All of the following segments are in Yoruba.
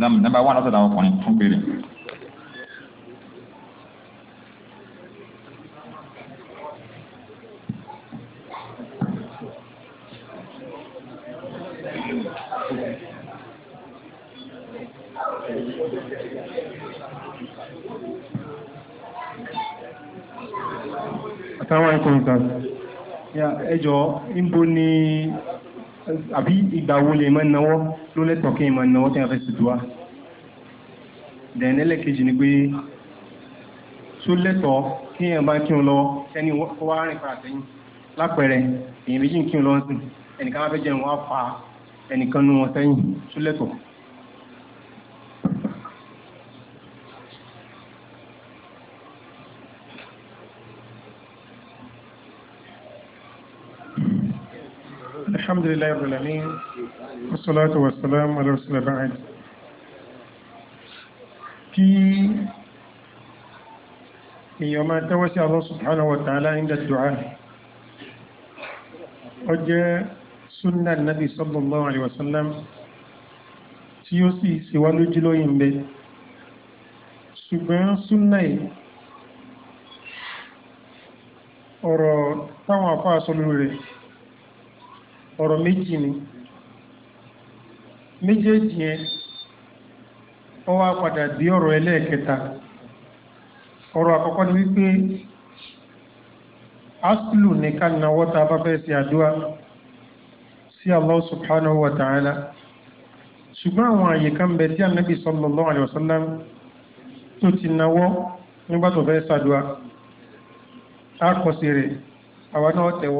nàmbà wà lọ́sọ̀dọ̀ àwọn ọkùnrin fún béèrè. Àtàwọn ẹ̀kọ́ nǹkan. Ẹ jọ, níbo ni àbí ìgbà wo lè máa náwó ló lẹ́tọ̀ọ́ kí n máa náwó tí wọ́n fẹ́ ṣètò wa dẹ̀ẹ́n ẹlẹ́kejì ni pé tó lẹ́tọ̀ọ́ kí èèyàn bá kí n lọ ẹni kó wá rìn padà sẹ́yìn lápẹẹrẹ èèyàn méjì kí n lọ sùn ẹnìkan wá fẹ́ jẹun wá fa ẹnìkan nu wọn sẹ́yìn tó lẹ́tọ̀ọ́. alhamdulilayi rọlẹ́mí wasalaatu wasalaam alayhisalaam ba'ad kí èèyàn máa tẹ́wọ́ sí Allah subhanahu wa ta'ala inda du'a ó jẹ́ sunna nabi sallallahu alayhi wa sallam tí ó sì ṣèwá lójú lóyìn bẹ́ẹ̀ ṣùgbọ́n súnnà yìí ọ̀rọ̀ táwọn àfáà sọ lórí rẹ̀ ọ̀rọ̀ méjì ni méjèèjì yẹn ó wá padà bí ọ̀rọ̀ ẹlẹ́ẹ̀kẹta ọ̀rọ̀ àkọ́kọ́ ni wípé aslu ní ká náwó tá a bá sí Allah subhanahu wa ta'ala ṣùgbọ́n àwọn kan bẹ tí ànábì sallallahu alaihi tó ti náwó nígbà tó fẹ́ ṣàdúrà á kọ̀ sí rẹ̀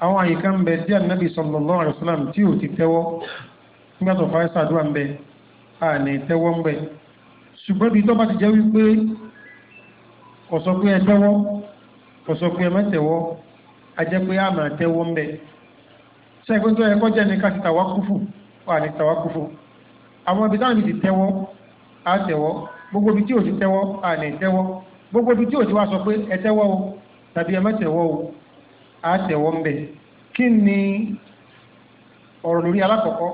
àwọn àyíká ń bẹ tí ànábì sallallahu alaihi wasallam tí ò ti tẹ́wọ́ nígbà tó fàáyé sàdúrà ń bẹ àní tẹ́wọ́ ń bẹ ṣùgbọ́n bí tó bá ti jẹ́ wípé kò sọ pé ẹ tẹ́wọ́ kò sọ pé ẹ má tẹ́wọ́ a jẹ́ pé àmà tẹ́wọ́ ń bẹ ṣẹ́gun tó yẹ kó jẹ́ ní ká ti tàwa kúfù wà ní tàwa kúfù àwọn ibi táwọn ibi ti tẹ́wọ́ á tẹ́wọ́ gbogbo ibi tí ò ti tẹ́wọ́ àní tẹ́wọ́ gbogbo ibi tí ò ti wá sọ pé ẹ tẹ́wọ́ o tàbí ẹ má tẹ́wọ́ o àtẹ̀wọ́ ń bẹ̀ kí ni ọ̀rọ̀ lórí alákọ̀ọ́kọ́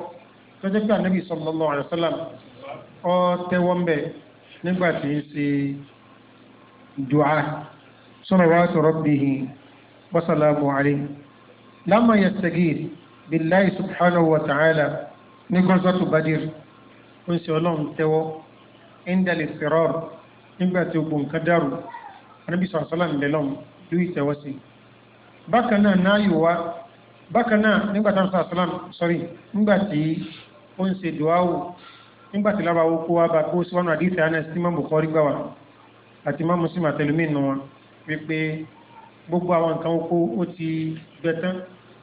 tó jẹ́ pé ànábì sallallahu alaihi wasallam ọ tẹ́wọ́ ń bẹ̀ nígbà tí ń ṣe dùá salawatu rabbihi wa salamu alayhi lamma yastagir billahi subhanahu wa ta'ala ní gọ́sọ́tù badir ó ń ṣe ọlọ́run tẹ́wọ́ indal israr nígbà tí ogun kan dàrú ànábì sallallahu alaihi wasallam lẹ́lọ́m yóò sí i. bakana náà náàyò wá bákan náà nígbàtà sàtàlám sọ́rí nígbàtí ó ń ṣe dùáwò nígbàtí lábàáwó kó wá bá kó síwánú àdíṣẹ́ anas mọ́ àti mọ́ gbogbo àwọn nǹkan oko ó ti gbẹ tán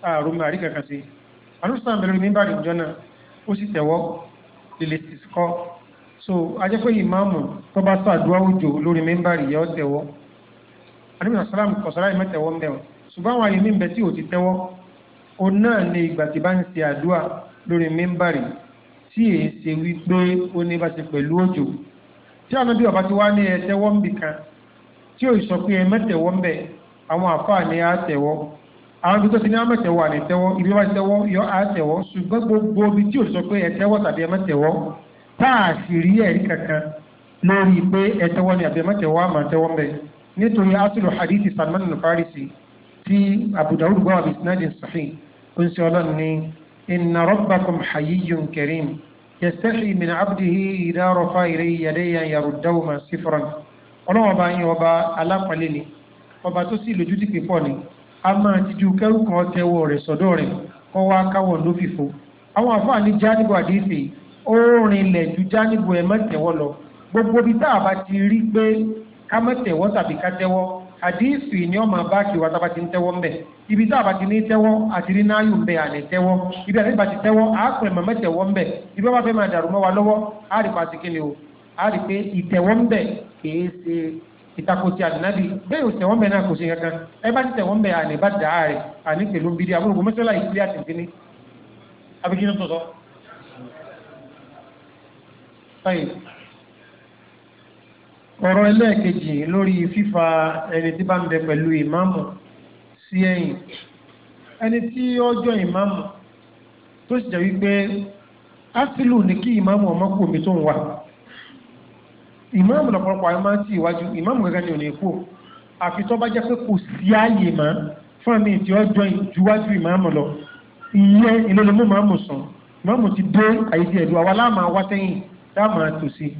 ààrùn mi àrí kankan sí anúsàn bẹ̀rẹ̀ ní bàdì ìjọ náà ó sì tẹ̀wọ́ ti kọ́ so ajẹ́pẹ́ ìmáàmù tó bá sọ àdúrà òjò lórí mẹ́mbàrì yẹ́ ọ́ tẹ̀wọ́ ṣùgbọ́n àwọn àyè mímbẹ tí ò ti tẹ́wọ́ òun náà ni ìgbà tí bá ń ṣe àdúrà lórí mímbàrì tí èyí ṣe wípé ó ní bá ṣe pẹ̀lú òjò tí ànábì ọba ti wá ní ẹ tẹ́wọ́ ń bì kan tí ò sọ pé ẹ mẹ́tẹ̀wọ́ ń bẹ̀ àwọn àfáà ni á tẹ̀wọ́ àwọn ibi tó ti ní àmẹ́tẹ̀wọ́ ànìtẹ́wọ́ ibi bá tẹ́wọ́ yọ àtẹ̀wọ́ ṣùgbọ́n gbogbo ibi tí ò sọ pé ẹ tàbí ẹ mẹ́tẹ̀wọ́ táà sì rí ẹ̀rí kankan lórí pé ẹ ni àbí ẹ mẹ́tẹ̀wọ́ àmọ̀tẹ́wọ́ ń bẹ̀ nítorí asùlù hadithi Salman al-Farisi tí Abu Dawud gbọ́ àbí sinadin sahih ó ń sọ ọlọ́run ní inna rabbakum hayyun karim yastahi min abdihi idha rafa ilayhi yadayya yaruddahu sifran ọlọ́run ọba yín ọba alápàlẹ́ ni ọba tó sì lójú tì pípọ̀ ni a máa tijú kẹ́rù kan tẹwọ́ rẹ̀ sọ́dọ̀ rẹ̀ kọ́ wá káwọ̀ ló fìfo àwọn àfáà ní jánìbù àdéhìsì ó rinlẹ̀ ju jánìbù ẹ̀ mọ́tẹ̀wọ́ lọ gbogbo bí tá a bá ti rí pé ká mọ́tẹ̀wọ́ tàbí ká tẹ́wọ́ àdíìsì ni ọmọ bá kí wa tábà ti ń tẹ́wọ́ ń bẹ̀ ibi tá a bá ti ní tẹ́wọ́ àti rí náà yóò ń bẹ̀ àlẹ́ tẹ́wọ́ ibi àti bá ti tẹ́wọ́ á pẹ̀ mọ́ mẹ́tẹ̀wọ́ ń bẹ̀ ibi bá fẹ́ máa dàrú mọ́ wa lọ́wọ́ á rí pa sí o á pé ìtẹ̀wọ́ ń bẹ̀ kìí ṣe ìtakò ti àdínábì bẹ́ẹ̀ ò tẹ̀wọ́ ń bẹ̀ náà kò ṣe kankan ẹ bá ti tẹ̀wọ́ ń bẹ̀ àní bá dà á rẹ̀ àní pẹ̀lú bídí àbúrò mọ́sálà ọ̀rọ̀ ẹlẹ́ẹ̀kejì lórí fífa ẹni tí bá ń bẹ pẹ̀lú ìmáàmù sí ẹ̀yìn ẹni tí ó jọ ìmáàmù tó sì jẹ́ wípé ásìlù ní kí ìmáàmù ọmọkù omi tó ń wà ìmáàmù lọ́pọ̀lọpọ̀ àwọn máa ń tì iwájú ìmáàmù gẹ́gẹ́ ni ò ní kú àfi tó bá jẹ́ pé kò sí ààyè mọ́ fún àmì tí ó ìjúwájú ìmáàmù lọ ìyẹn ìlọ́lọ́mú máàmù sùn máàmù ti dé àyè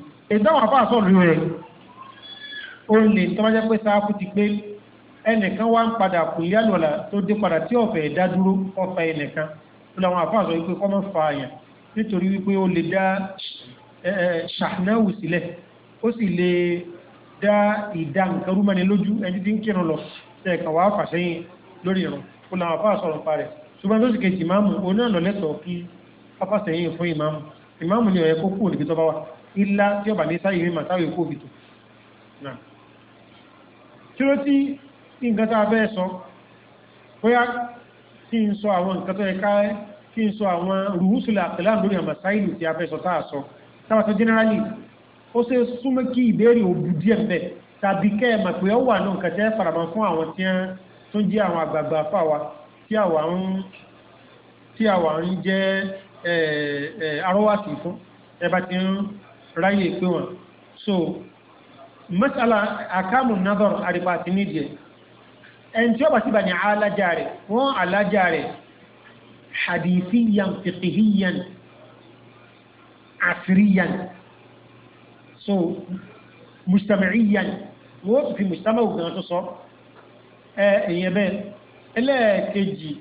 ó lè tọ́jọ́ pé sáfù ti pé ẹnìkan wá ń padà kò yá lọ́la tó dé padà tí ọ̀fẹ́ dá dúró ọ̀fẹ́ ẹnìkan tó làwọn àfáà sọ wípé kọ́mọ́ fa àyàn nítorí wípé ó lè dá ṣàhnáwù sílẹ̀ ó sì lè dá ìdá nǹkan rúmọ́ni lójú ẹni tí ń kírun lọ ṣe ẹ̀kan wàá fàṣẹyìn lórí ìrun tó làwọn àfáà sọ̀rọ̀ pa rẹ̀ ṣùgbọ́n tó sì kejì ìmáàmù oní kí fáfàṣẹyìn fún ìmáàmù ìmáàmù ni ọ̀yẹ́ kó kúrò níbi tó bá wà ilá tí kí ló tí nǹkan tá a fẹ́ sọ bóyá kí n sọ àwọn nǹkan tó yẹ ká kí n sọ àwọn rùhúsùlẹ̀ àpẹ̀lá lórí àmà sáìlì tí a fẹ́ sọ táà sọ táwa sọ generally ó ṣe súnmọ́ kí ìbéèrè òbú díẹ̀ mbẹ̀ tàbí kẹ́ ẹ̀ mà pé ó wà náà nǹkan tẹ́ faramọ́ fún àwọn tí wọ́n tó ń jẹ́ àwọn àgbààgbà fáwa tí àwa ń tí àwa ń jẹ́ so mẹ́sàlá àkàmù nadar àrípa àti nídìí ẹni tí ó bá ti bà ní alájà rẹ̀ wọ́n alájà rẹ̀ hadithiyan fiqhiyan asiriyan so mujtama'iyan wọ́n fi mujtama ògùn tó sọ ẹ èyàn bẹ́ẹ̀ ẹlẹ́ẹ̀kejì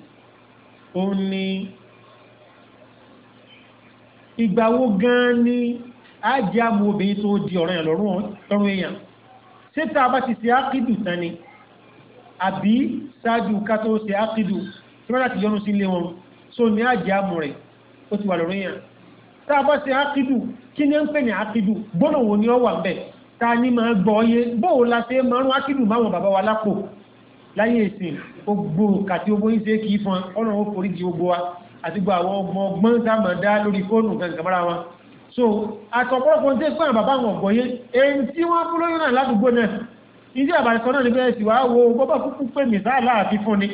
òun ni ìgbàwó gan ni á jẹ́ àmú obìnrin tó di ọ̀rọ̀ yẹn lọ́rùn èèyàn ṣé tá a bá ti ṣe ákídù tán ni àbí ṣáájú ká tó ṣe ákídù tí wọ́n láti yọnu sí ilé wọn so ní á jẹ́ àmú rẹ̀ ó ti wà lọ́rùn èèyàn tá a bá ṣe ákídù kí ni ó ń pè ní ákídù gbọ́dọ̀ wo ni ó wà bẹ́ẹ̀ ta ni máa gbọ́ yé bóò la ṣe máa rún ákídù máwọn bàbá wa lápò láyé ìsìn gbogbo kàti ogbó yín kì í fọn ọ̀nà ó forí di gbogbo wa àti gbogbo àwọn ọgbọ́n tá a máa dá lórí fóònù kankan mọ́ra wọn so àtọ̀pọ̀lọpọ̀ ní pé bàbá wọn gbọ́yé èyí tí wọ́n fún lóyún náà ládùúgbò náà ìdí àbàrẹ̀kọ́ náà níbi ẹ̀sì wàá wo bọ́bá kúkú pé mìsáàlá àti fún ni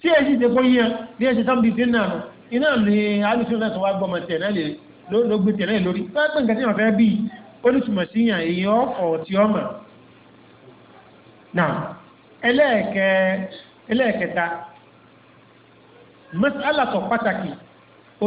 tí èyí ti kó yíyan bí ẹ̀sì tán bíi dínà nù iná ni alùsùn náà tó wá gbọmọ tẹ̀ náà lè ló gbé tẹ̀ náà lórí pé nǹkan tí wọ́n fẹ́ bí olùsùmọ̀ sí yàn èyí ọ̀fọ̀ tí ọ mọ̀ náà ẹlẹ́ẹ̀kẹta mọ́sálà tó pàtàkì ó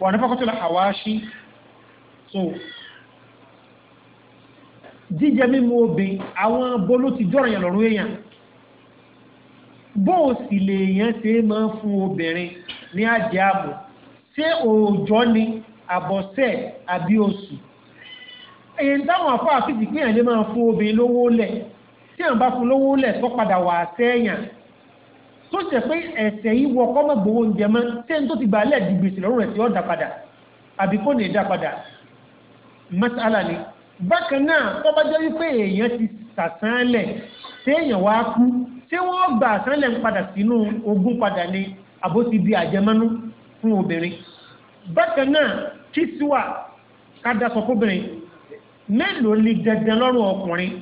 wà ní fọ́kọ́tò àwáṣí so jíjẹ mímu obìn àwọn bolo ti jọ́rọ̀ yàn lọ́rùn èèyàn bóò sì lè yàn ṣe máa fún obìnrin ní àjẹ àmọ́ ṣé òòjọ́ ni àbọ̀sẹ̀ àbí oṣù èyí táwọn afọ àfíjì pé àyè máa fún obìnrin lówó lẹ̀ tí àwọn bá fún lówó lẹ̀ tó padà wà sẹ́yìn tó ṣe pé ẹ̀sẹ̀ yìí wọ ọkọ́ mọ̀ gbowó oúnjẹ mọ́ ṣé n tó ti gbàálẹ̀ di gbèsè lọ́rùn rẹ̀ tí ó dá padà àbí kò ní dá padà mọ́sálà ni bákan náà tó bá jẹ́ wípé èèyàn ti sàsánlẹ̀ téèyàn wá kú ṣé wọ́n gbà sánlẹ̀ ń padà sínú ogún padà ni àbó ti di àjẹmọ́nú fún obìnrin bákan náà kí síwà ká dá sọ fóbìnrin mélòó ni dandan lọ́rùn ọkùnrin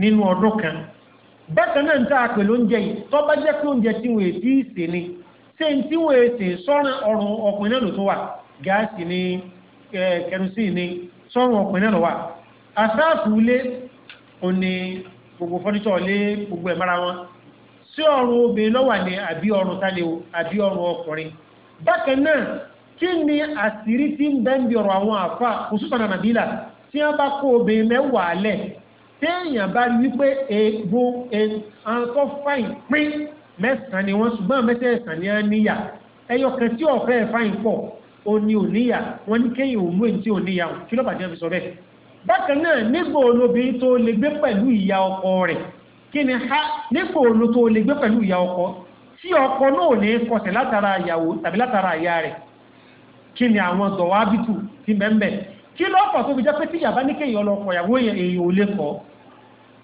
nínú ọdún kan bákan náà ń tá a pè lóúnjẹ yìí tó bá jẹ́ pé oúnjẹ tí wọ́n èsì ìsè ni ṣé n tí wọ́n èsè sọ́run ọ̀rùn ọ̀pìn náà ló tó wà gáàsì ni kẹrùsì ni sọ́run ọ̀pìn náà ló wà àsáàfù ilé òní gbogbo fọ́níṣọ̀ lé gbogbo ẹ̀ mára wọn sí ọrùn obìnrin lọ́wà ní àbí ọrùn tálẹ̀ o àbí ọrùn ọkùnrin bákan náà kí ni àṣírí tí ń bẹ́ẹ̀ ń bí ọ̀rọ̀ àwọn àfà òṣùṣàn nàbílà tí wọ́n bá kó obìnrin mẹ́wàá lẹ̀ téèyàn bá rí wípé egbò ẹ̀ǹkan fáìn pín mẹ́sàn-án ni wọ́n ṣùgbọ́n mẹ́sàn-án ni wọ́n níyà ẹyọ kan tí ọ̀fẹ́ fáìn pọ̀ ó ní òníyà wọ́n ní kéyìn òmú èyí tí ò níyà kí ló bàjẹ́ fi sọ bẹ́ẹ̀. bákan náà nígbà olóbìnrin tó lè gbé pẹ̀lú ìyá ọkọ rẹ̀ kí ni ha nígbà olo tó lè gbé pẹ̀lú ìyá ọkọ tí ọkọ náà ò ní kọsẹ̀ látara ìyàwó tàbí látara ìyá rẹ̀ kí ni àwọn dọ̀wábìtù ti mẹ́mbẹ̀ kí lọ́pọ̀ tó fi jẹ́ pé tíyàbá ní kéyìn ọlọ́kọ̀ ìyàwó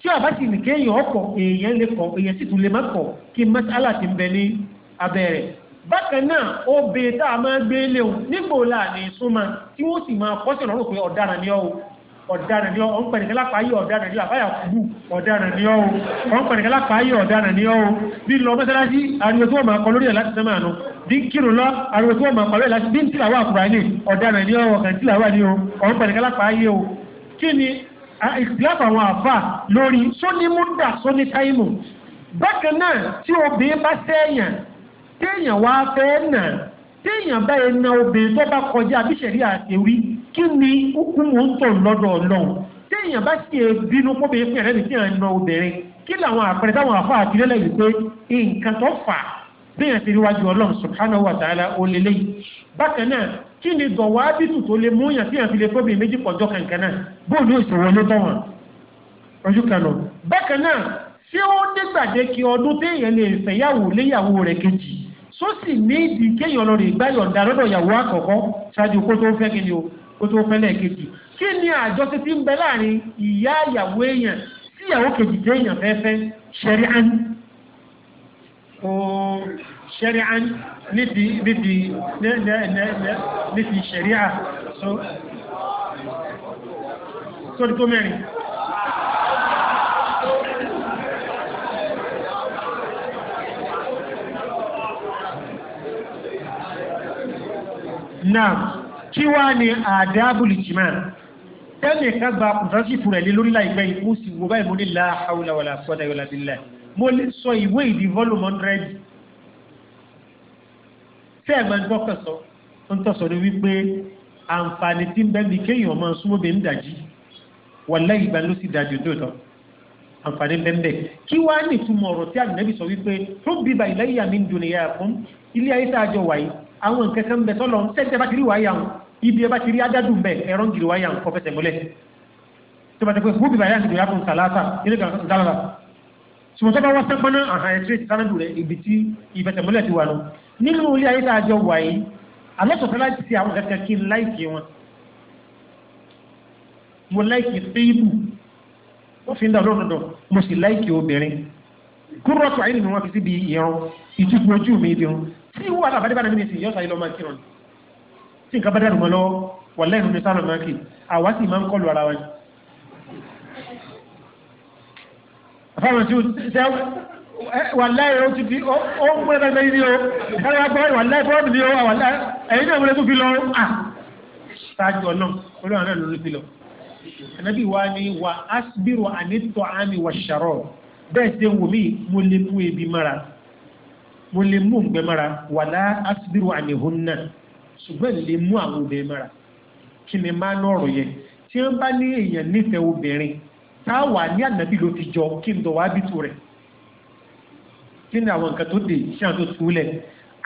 tí a bá ti ní kéèyàn ọkọ̀ èèyàn lè kọ̀ èèyàn sì tún lè má kọ̀ kí mọ́sálà ti ń ní abẹ́rẹ́ bákan náà ó be tá a máa gbé léwu nígbò láàrin súnmọ́ tí wọ́n sì máa kọ́sẹ̀ lọ́rùn pé ọ̀daràn ni ọ́ ọ̀daràn ni ọ́ ń pẹ̀lẹ̀ lápá ayé ọ̀daràn ni ọ́ àbáyà kúrú ọ̀daràn ni ọ́ ń pẹ̀lẹ̀ lápá ayé ọ̀daràn ni ọ́ bí lọ mọ́sálásí ariwo tí wọ́n máa kọ lórí ẹ̀ láti sẹ́mà nù bí kírun lọ ariwo tí wọ́n máa kọ lórí ẹ̀ láti ní Ah, ìsìláàfù àwọn àfà lórí sónímúdà sónítáìmù bákan náà tí obìnrin bá sẹ́yàn téèyàn wá fẹ́ nà téèyàn bá yẹn na obìnrin tó bá kọjá abíṣẹ̀rí àtẹ̀wí kí ni hukumu ń tò lọ́dọ̀ ọlọ́run téèyàn bá sì bínú kóbìnrin fún ẹ̀rẹ́ mi tí à ń na obìnrin kí làwọn àpẹẹrẹ táwọn àfà àtìlẹ́lẹ̀ wípé nǹkan tó fà béèyàn ti ríwájú ọlọ́run subhanahu wa ta'ala ó lélẹ́yìn bákan náà kí ni dọ̀wà bítù tó lè múyàn tí yàn fi lè fẹ́bìn méjì pọ̀jọ́ kankan náà bóò ní ìṣòro ló tọ̀wọ̀n ojú kan lọ. bákan náà ṣé ó dégbàdé kí ọdún téèyàn lè fẹ́yàwó léyàwó rẹ̀ kejì só sì ní ìdí kéèyàn lọ rè gbáyọ̀ǹda lọ́dọ̀ ìyàwó àkọ́kọ́ ṣáájú kó tó fẹ́ kí ni o kó tó fẹ́ lẹ́ẹ̀kejì kí ni àjọṣe tí ṣẹ́rí'án níbi níbi níbi ṣẹ̀rí'à tó dìkó mẹ́rin náà kí wá ní àdábùlì jìmá tẹ́lẹ̀ ká gba kùnfẹ́sìfù rẹ̀ lé lórílà ìgbẹ́ ìmúsìwò báyìí mo ní láàáwọ̀lá wàlá sọ́dá yọ́lá bílẹ̀ mo lè sọ ìwé ìdí volume 100 tẹ́ ẹ̀ máa ń gbọ́kàn sọ tó ń tọ́sọ ní wípé àǹfààní tí ń bẹ́ẹ̀ bí kéèyàn máa súnmọ́ bẹ́ẹ̀ ń dàjí wàláhì ìgbà ló sì dájú dòdò àǹfààní bẹ́ẹ̀ kí wá ní ìtumọ̀ ọ̀rọ̀ tí ànábì sọ wípé tó bí bá ilẹ̀ ìyàmí ń dùn ìyá fún ilé ayé tá a jọ wáyé àwọn nǹkan kan bẹ tọ́lọ sẹ́ńtẹ́ bá ti rí wáyà wọn ibi ẹ bá ti rí adádùn bẹ ẹ̀rọ ń giri wáyà wọn kọ fẹsẹ̀ múlẹ̀ tó bá ti pé fún bí bá yà ń fún sàlátà ilé kan sàlátà sùmọ́tọ́ bá wá sẹ́pọ́n náà àhàn ẹ̀ nínú ilé ayé tá a jọ wà yìí alẹ́sọ̀tẹ́ láti ṣe àwọn kẹ̀kẹ́ kí n láìkì wọn mo láìkì téèbù wọ́n fi ń dà lọ́dọ̀dọ̀ mo sì láìkì obìnrin kúrọ́tù àyè ni wọ́n fi síbi ìrún ìtukùn ojú mi ìdí wọn tí wọ́n wà lábàdé bá dàbí nìsín yọ́sà yìí lọ́ máa kírun tí nǹkan bá dàrú mọ́ lọ́wọ́ wà lẹ́nu mi sálọ̀ máa kì àwa sì máa ń kọlu ara wa Eh, wàláì ó ti di ó ń pẹ́ pẹ́ ní o ẹ̀rọ agbọ́ wàláì fọ́ọ̀mù ní o wàláì ẹ̀yìn náà wọlé tó fi lọ à ṣáájú ọ̀nà orí àwọn náà lórí fi lọ. ànábì wa ni wà ásbírò ànítọ́ àmì wà ṣàrọ̀ bẹ́ẹ̀ ṣe ń wò mí mo lè mú ebi mọ́ra mo lè mú nǹgbẹ́ mọ́ra wàlá ásbírò àmì hun náà ṣùgbọ́n lè mú àwọn obìnrin mọ́ra kí ni máa ń ọ̀rọ̀ yẹn tí wọ́n bá ní èèyàn nífẹ̀ẹ́ obìnrin táwa ní kí ni àwọn nǹkan tó dé sí àwọn tó túlẹ̀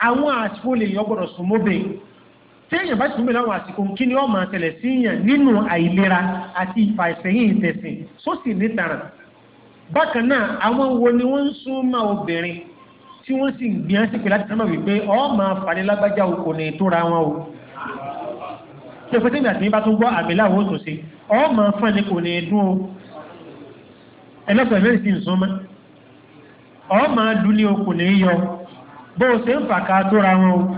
àwọn àsìkò lè yàn gbọ́dọ̀ sùn mọ́bẹ̀ téèyàn bá sùn mí láwọn àsìkò kí ni ọmọ àtẹlẹ sí yàn nínú àìlera àti ìfàsẹ́yìn ìtẹ̀sìn sósì nítaràn bákan náà àwọn wo ni wọ́n ń sún mọ́ obìnrin tí wọ́n sì ń gbìyàn sí pé láti sọ́mọ̀ wípé ọmọ àǹfààní lágbájá okò ní ìtura wọn o tí òfin tẹ́gbà tí bá tún gbọ́ àmì láwọn òtòṣe ọ máa dún ní okùn ní yọ bó o ṣe ń fà ká tóra wọn o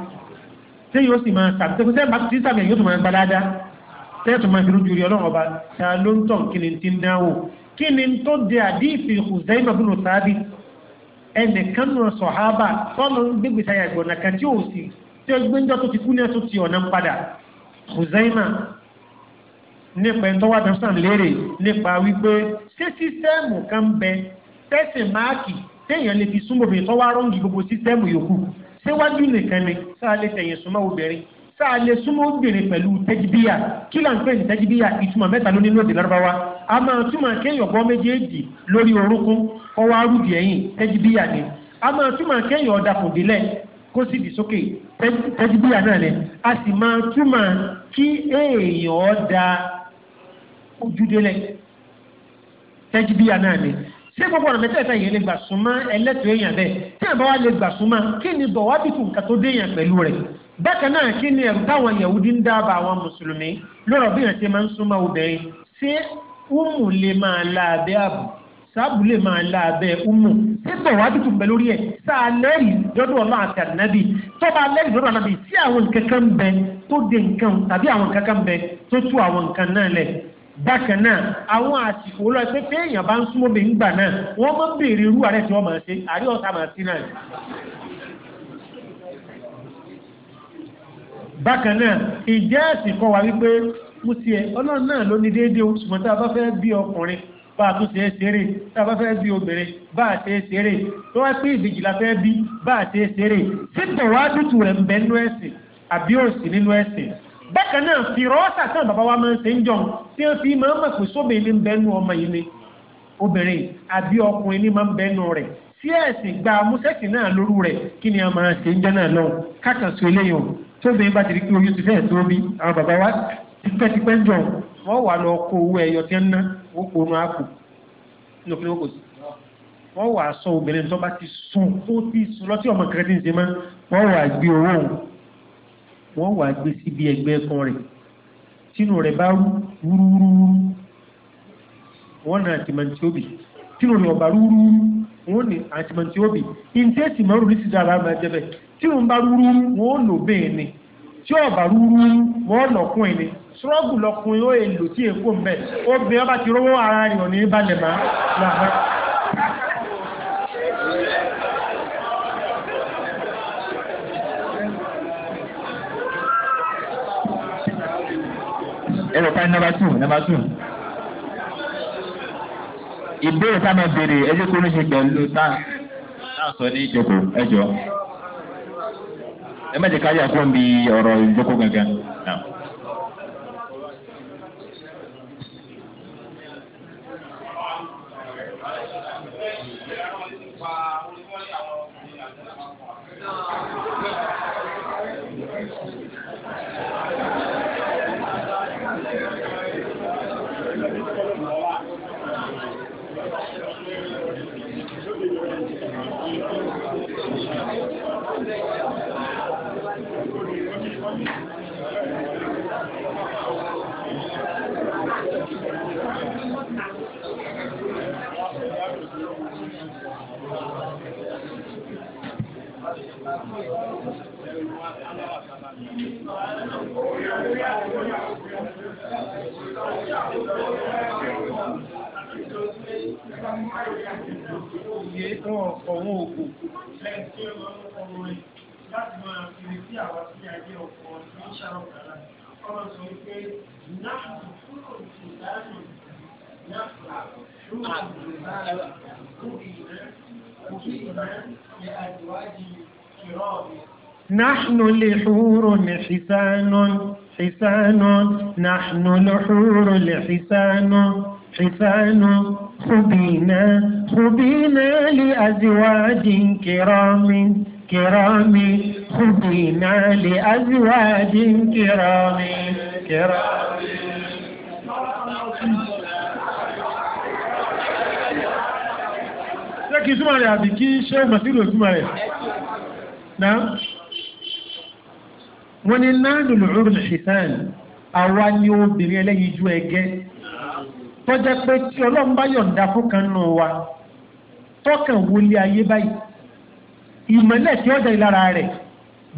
tí yóò sì máa sàbí tẹ́kùn sẹ́yìn bá ti sàbí yóò tún máa gba dáadáa tẹ́yẹ̀ tún máa fi rújú rí ọlọ́run ọba ta ló ń tàn kí ni ti ń dáwò kí ni tó de àdífi Huzaima bin Sábì ẹnìkan nù sọ̀hábà tọ́lọ́ ń gbégbé sáyà ìgbọ̀nà kan tí ò sì tí ó gbé ń jọ́ tó ti kú ní ẹ̀sùn ti ọ̀nà padà Huzaima nípa ẹ̀tọ́wà dọ́sàn lérè nípa wípé ṣé sísẹ́ẹ̀mù kan bẹ tẹ́sì máàkì téèyàn lè fi súnmọ́ tó wá rọ́ǹgì gbogbo sísẹ́mù yòókù síwájú nìkan ni sáà lè tẹ̀yìn súnmọ́ obìnrin sáà lè súnmọ́ obìnrin pẹ̀lú tẹ́jibíyà kí là ń pè ní tẹ́jibíyà ìtumọ̀ mẹ́ta a máa túmọ̀ kéèyàn bọ́ méjèèjì lórí orúnkún kọ́ wá rúbi ẹ̀yìn ni a máa túmọ̀ kéèyàn ọ̀dà kó sì dì ṣé gbogbo ọ̀nà mẹ́tẹ̀ẹ̀ta yẹn lè gbà súnmọ́ ẹlẹ́tọ̀ọ́ èèyàn bẹ́ẹ̀ tí àbá wa lè gbà súnmọ́ kí ni bọ̀ wá bìkún nǹkan tó dé èèyàn pẹ̀lú rẹ̀ bákan náà kí ni ẹ̀rù táwọn yahudi ń dábà àwọn mùsùlùmí lọ́rọ̀ bí èèyàn ṣe máa ń súnmọ́ obìnrin ṣé umu lè máa la abẹ́ ààbò sáàbù lè máa la abẹ́ umu ṣé bọ̀ wá bìkún bẹ lórí ẹ̀ sáà lẹ́rìí dọ́dọ̀ ọlọ́run àti ànábì bákan náà àwọn àsìkò lọ pé pé èèyàn bá ń súnmọ́ bí ńgbà náà wọ́n mọ́ bèèrè irú ààrẹ tí wọ́n máa ṣe àrí ọ̀tá máa sí náà bákan náà ìjẹ́ ẹ̀sìn kọ́ wa wípé mú sí ẹ ọlọ́run náà ló ní déédéé o ṣùgbọ́n tá a bá fẹ́ bí ọkùnrin bá a tún ṣe é ṣeré tá a bá fẹ́ bí obìnrin bá a ṣe é ṣeré tó wá pé ìbejì la fẹ́ bí bá a ṣe é ṣeré sípò wá tútù rẹ̀ ń bẹ nínú ẹ̀sìn àbí òsì nínú ẹ̀sìn bẹ́ẹ̀ náà fi rọ́ọ̀sà tí àwọn bàbá wa máa ń ṣe ń jọun tí wọ́n fi máa ń mọ̀ pé sóbìn ní bẹ́ẹ̀nu ọmọ yìí ni obìnrin àbí ọkùnrin ní máa ń bẹ́ẹ̀nu rẹ̀ tí ẹ̀sìn gba amúsẹ́sìn náà lóru rẹ̀ kí ni a máa ṣe ń jẹ́ náà lọ́wọ́ kákan sọ eléyàn tóbìnrin bá ti rí pé oyún ti fẹ́ẹ̀ tó bí àwọn bàbá wa tipẹ́tipẹ́ ń jọun wọ́n wà lọ kó owó ẹyọ tí ń ná ó kó nu wọ́n wà sọ obìnrin tó bá ti sùn ó ti sùn lọ sí ọmọ kẹrẹ́tì ń ṣe mọ́ wọ́n wà gbé owó òun wọ́n wàá gbé síbi ẹgbẹ́ kan rẹ̀ tínú rẹ̀ bá wúrúwúrú wọ́n na àtìmọ̀tì tínú rẹ̀ ọ̀bà rúrúrú wọ́n ní àtìmọ̀tì òbí máa jẹ́ bẹ́ẹ̀ tínú bá wọ́n lò bẹ́ẹ̀ ni tí wọ́n ẹ̀ ni èlò tí èkó ẹ̀rọ fáìn nọ́mbà tù nọ́mbà tù. ìbéèrè tá a máa béèrè ẹ jẹ́ kó ní ṣe pẹ̀lú tá a sọ ní ìjókòó ẹ jọ. ẹ má jẹ́ ká yà fún mi ọ̀rọ̀ ìjókòó gangan náà. نحن لحور حسان حسان نحن لحور لحسان حسان خبينا خبينا لأزواج كرام كرام خضينا لأزواج كرام كرام kí súnmọ̀ rẹ̀ àbí kí ṣe mọ̀sílò súnmọ̀ rẹ̀ náà wọ́n ni náà lòlòrò ṣìtàn àwa ni obìnrin ẹlẹ́yìn ju ẹgẹ́ tó jẹ́ pé tí ọlọ́mbáyọ̀ ń dá fún kan nù wa tọ́kàn wọlé ayé báyìí ìmọ̀lẹ̀ tí ó jẹ́ ìlara rẹ̀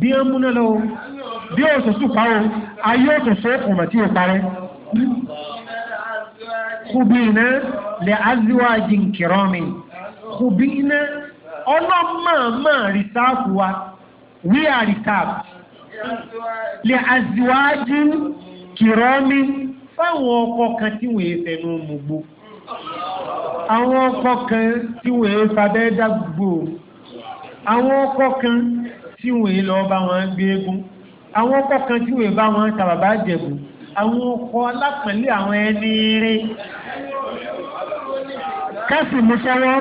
bí ó múná lọ bí ó sọ súpa o ayé ó tẹ̀sẹ̀ ọmọ tí ó parẹ́ kùbìnà lè aziwájì kìrọ́mì kùbìnà ọlọ́mọ̀ọ́mọ̀ rìsáàfù wa we are reserved lè aziwájì kìrọ́mì fáwọn ọkọ kan tí wọ́n èé fẹnu mú gbó àwọn ọkọ kan tí wọ́n èé dá gbogbo àwọn ọkọ kan tí wọ́n lọ bá wọn gbé eégún àwọn ọkọ kan tí wọ́n bá wọn tàbàbà jẹ̀bù àwọn ọkọ alápẹ̀lẹ̀ àwọn ẹni rí kásì mú sọ́wọ́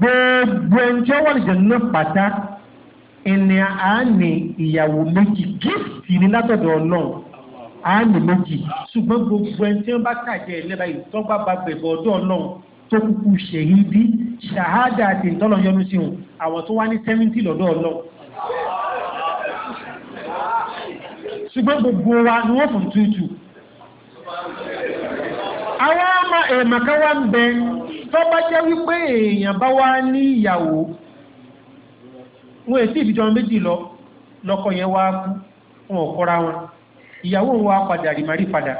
gbogbo ẹni tí wọ́n lè jẹ̀ nínú pàtá ẹni àánì ìyàwó méjì gíìsì ní látọ̀dọ̀ ọlọ́run àánì méjì ṣùgbọ́n gbogbo ẹni tí wọ́n bá kàjẹ́ ẹ̀lẹ́bàá ìtọ́gbà bàbẹ̀ bọ̀ ọ̀dọ̀ ọlọ́run tó kúkú ṣèyí bí ṣàhádà àti ìtọ́lọ̀yọ́nú sí òun àwọn tó wá ní 70 lọ́dọ̀ ọlọ́ ṣùgbọ́n gbogbo wa ni wọ́n fún tútù àwọn ọmọ ẹ̀mọ̀ká wá ń bẹ tó bá jẹ́ wípé èèyàn bá wá ní ìyàwó wọn èsì ìfìjọ méjì lọ lọ́kọ yẹn wá kú wọn ò kọ́ra wọn ìyàwó wọn wá padà rìmarí padà